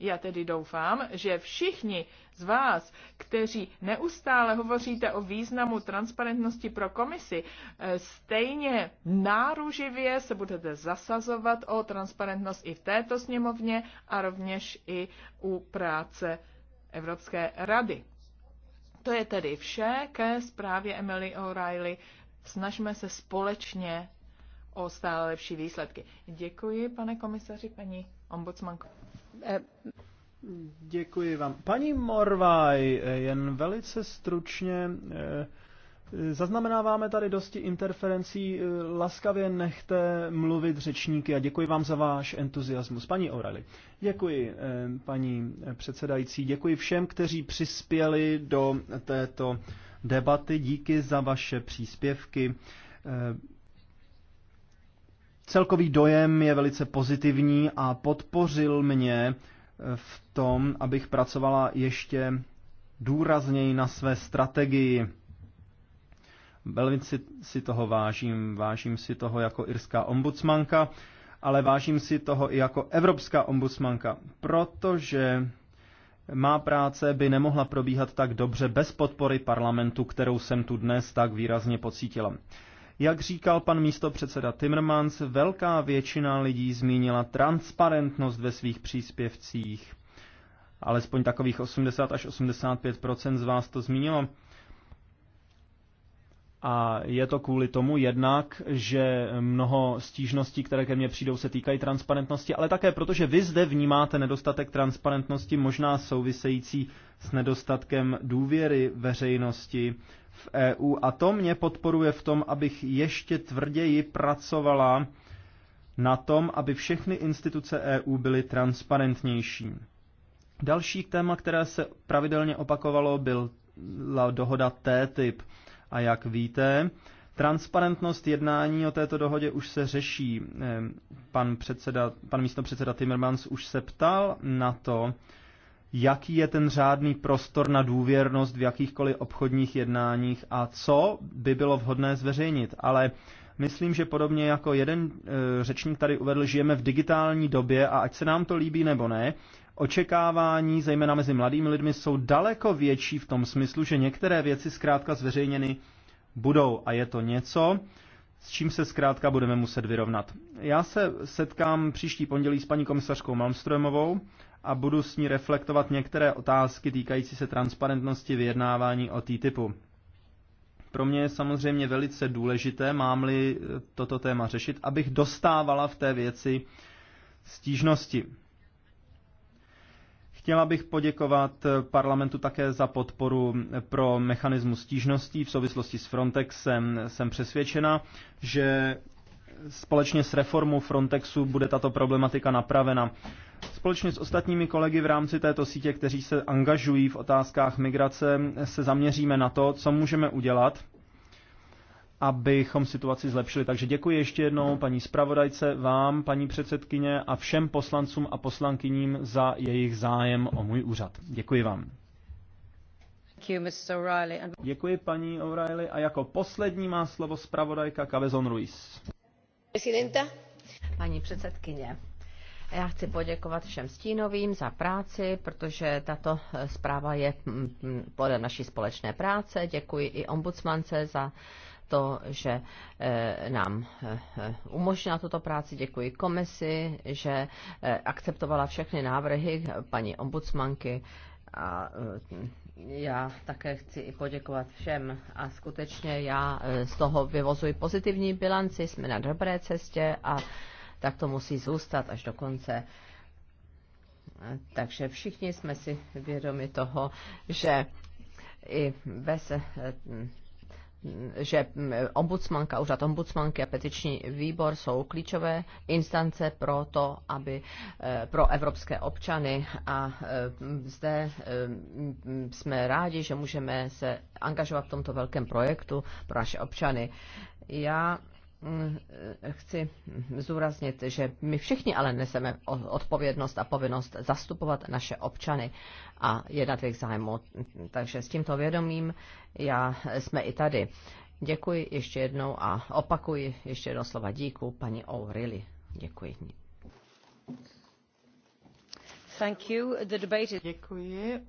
Já tedy doufám, že všichni z vás, kteří neustále hovoříte o významu transparentnosti pro komisi, eh, stejně náruživě se budete zasazovat o transparentnost i v této sněmovně a rovněž i u práce Evropské rady. To je tedy vše ke zprávě Emily O'Reilly. Snažme se společně o stále lepší výsledky. Děkuji, pane komisaři, paní ombudsmanko. Eh, Děkuji vám. Paní Morvaj, jen velice stručně. Eh, zaznamenáváme tady dosti interferencí. Eh, laskavě nechte mluvit řečníky a děkuji vám za váš entuziasmus. Paní Orali, děkuji eh, paní předsedající, děkuji všem, kteří přispěli do této debaty. Díky za vaše příspěvky. Celkový dojem je velice pozitivní a podpořil mě v tom, abych pracovala ještě důrazněji na své strategii. Velmi si, si toho vážím. Vážím si toho jako irská ombudsmanka, ale vážím si toho i jako evropská ombudsmanka, protože má práce by nemohla probíhat tak dobře bez podpory parlamentu, kterou jsem tu dnes tak výrazně pocítila. Jak říkal pan místopředseda Timmermans, velká většina lidí zmínila transparentnost ve svých příspěvcích. Alespoň takových 80 až 85 z vás to zmínilo. A je to kvůli tomu jednak, že mnoho stížností, které ke mně přijdou, se týkají transparentnosti, ale také proto, že vy zde vnímáte nedostatek transparentnosti, možná související s nedostatkem důvěry veřejnosti v EU a to mě podporuje v tom, abych ještě tvrději pracovala na tom, aby všechny instituce EU byly transparentnější. Další téma, které se pravidelně opakovalo, byla dohoda T-typ. A jak víte, transparentnost jednání o této dohodě už se řeší. Ehm, pan, předseda, pan předseda Timmermans už se ptal na to, jaký je ten řádný prostor na důvěrnost v jakýchkoliv obchodních jednáních a co by bylo vhodné zveřejnit. Ale myslím, že podobně jako jeden eh, řečník tady uvedl, žijeme v digitální době a ať se nám to líbí nebo ne, očekávání, zejména mezi mladými lidmi, jsou daleko větší v tom smyslu, že některé věci zkrátka zveřejněny budou a je to něco, s čím se zkrátka budeme muset vyrovnat. Já se setkám příští pondělí s paní komisařkou Malmströmovou a budu s ní reflektovat některé otázky týkající se transparentnosti vyjednávání o TTIPu. Pro mě je samozřejmě velice důležité, mám-li eh, toto téma řešit, abych dostávala v té věci stížnosti. Chtěla bych poděkovat eh, parlamentu také za podporu eh, pro mechanismus stížností v souvislosti s Frontexem. Jsem přesvědčena, že společně s reformou Frontexu bude tato problematika napravena. Společně s ostatními kolegy v rámci této sítě, kteří se angažují v otázkách migrace, se zaměříme na to, co můžeme udělat, abychom situaci zlepšili. Takže děkuji ještě jednou paní zpravodajce, vám, paní předsedkyně a všem poslancům a poslankyním za jejich zájem o můj úřad. Děkuji vám. Děkuji paní O'Reilly a jako poslední má slovo zpravodajka Cavezon Ruiz. Paní předsedkyně, já chci poděkovat všem stínovým za práci, protože tato eh, zpráva je mm, mm, podle naší společné práce. Děkuji i ombudsmance za to, že eh, nám eh, umožnila tuto práci. Děkuji komisi, že akceptovala všechny návrhy paní ombudsmanky. A já také chci i poděkovat všem a skutečně já z toho vyvozuji pozitivní bilanci, jsme na dobré cestě a tak to musí zůstat až do konce. Takže všichni jsme si vědomi toho, že i bez že ombudsmanka, úřad ombudsmanky a petiční výbor jsou klíčové instance pro to, aby pro evropské občany a zde jsme rádi, že můžeme se angažovat v tomto velkém projektu pro naše občany. Já Eh, chci zúraznit, že my všichni ale neseme odpovědnost a povinnost zastupovat naše občany a jednat jejich zájmu. Takže s tímto vědomím já eh, jsme i tady. Děkuji ještě jednou a opakuji ještě jednou slova díku paní O'Reilly. Děkuji. Thank you. The debate is... Děkuji.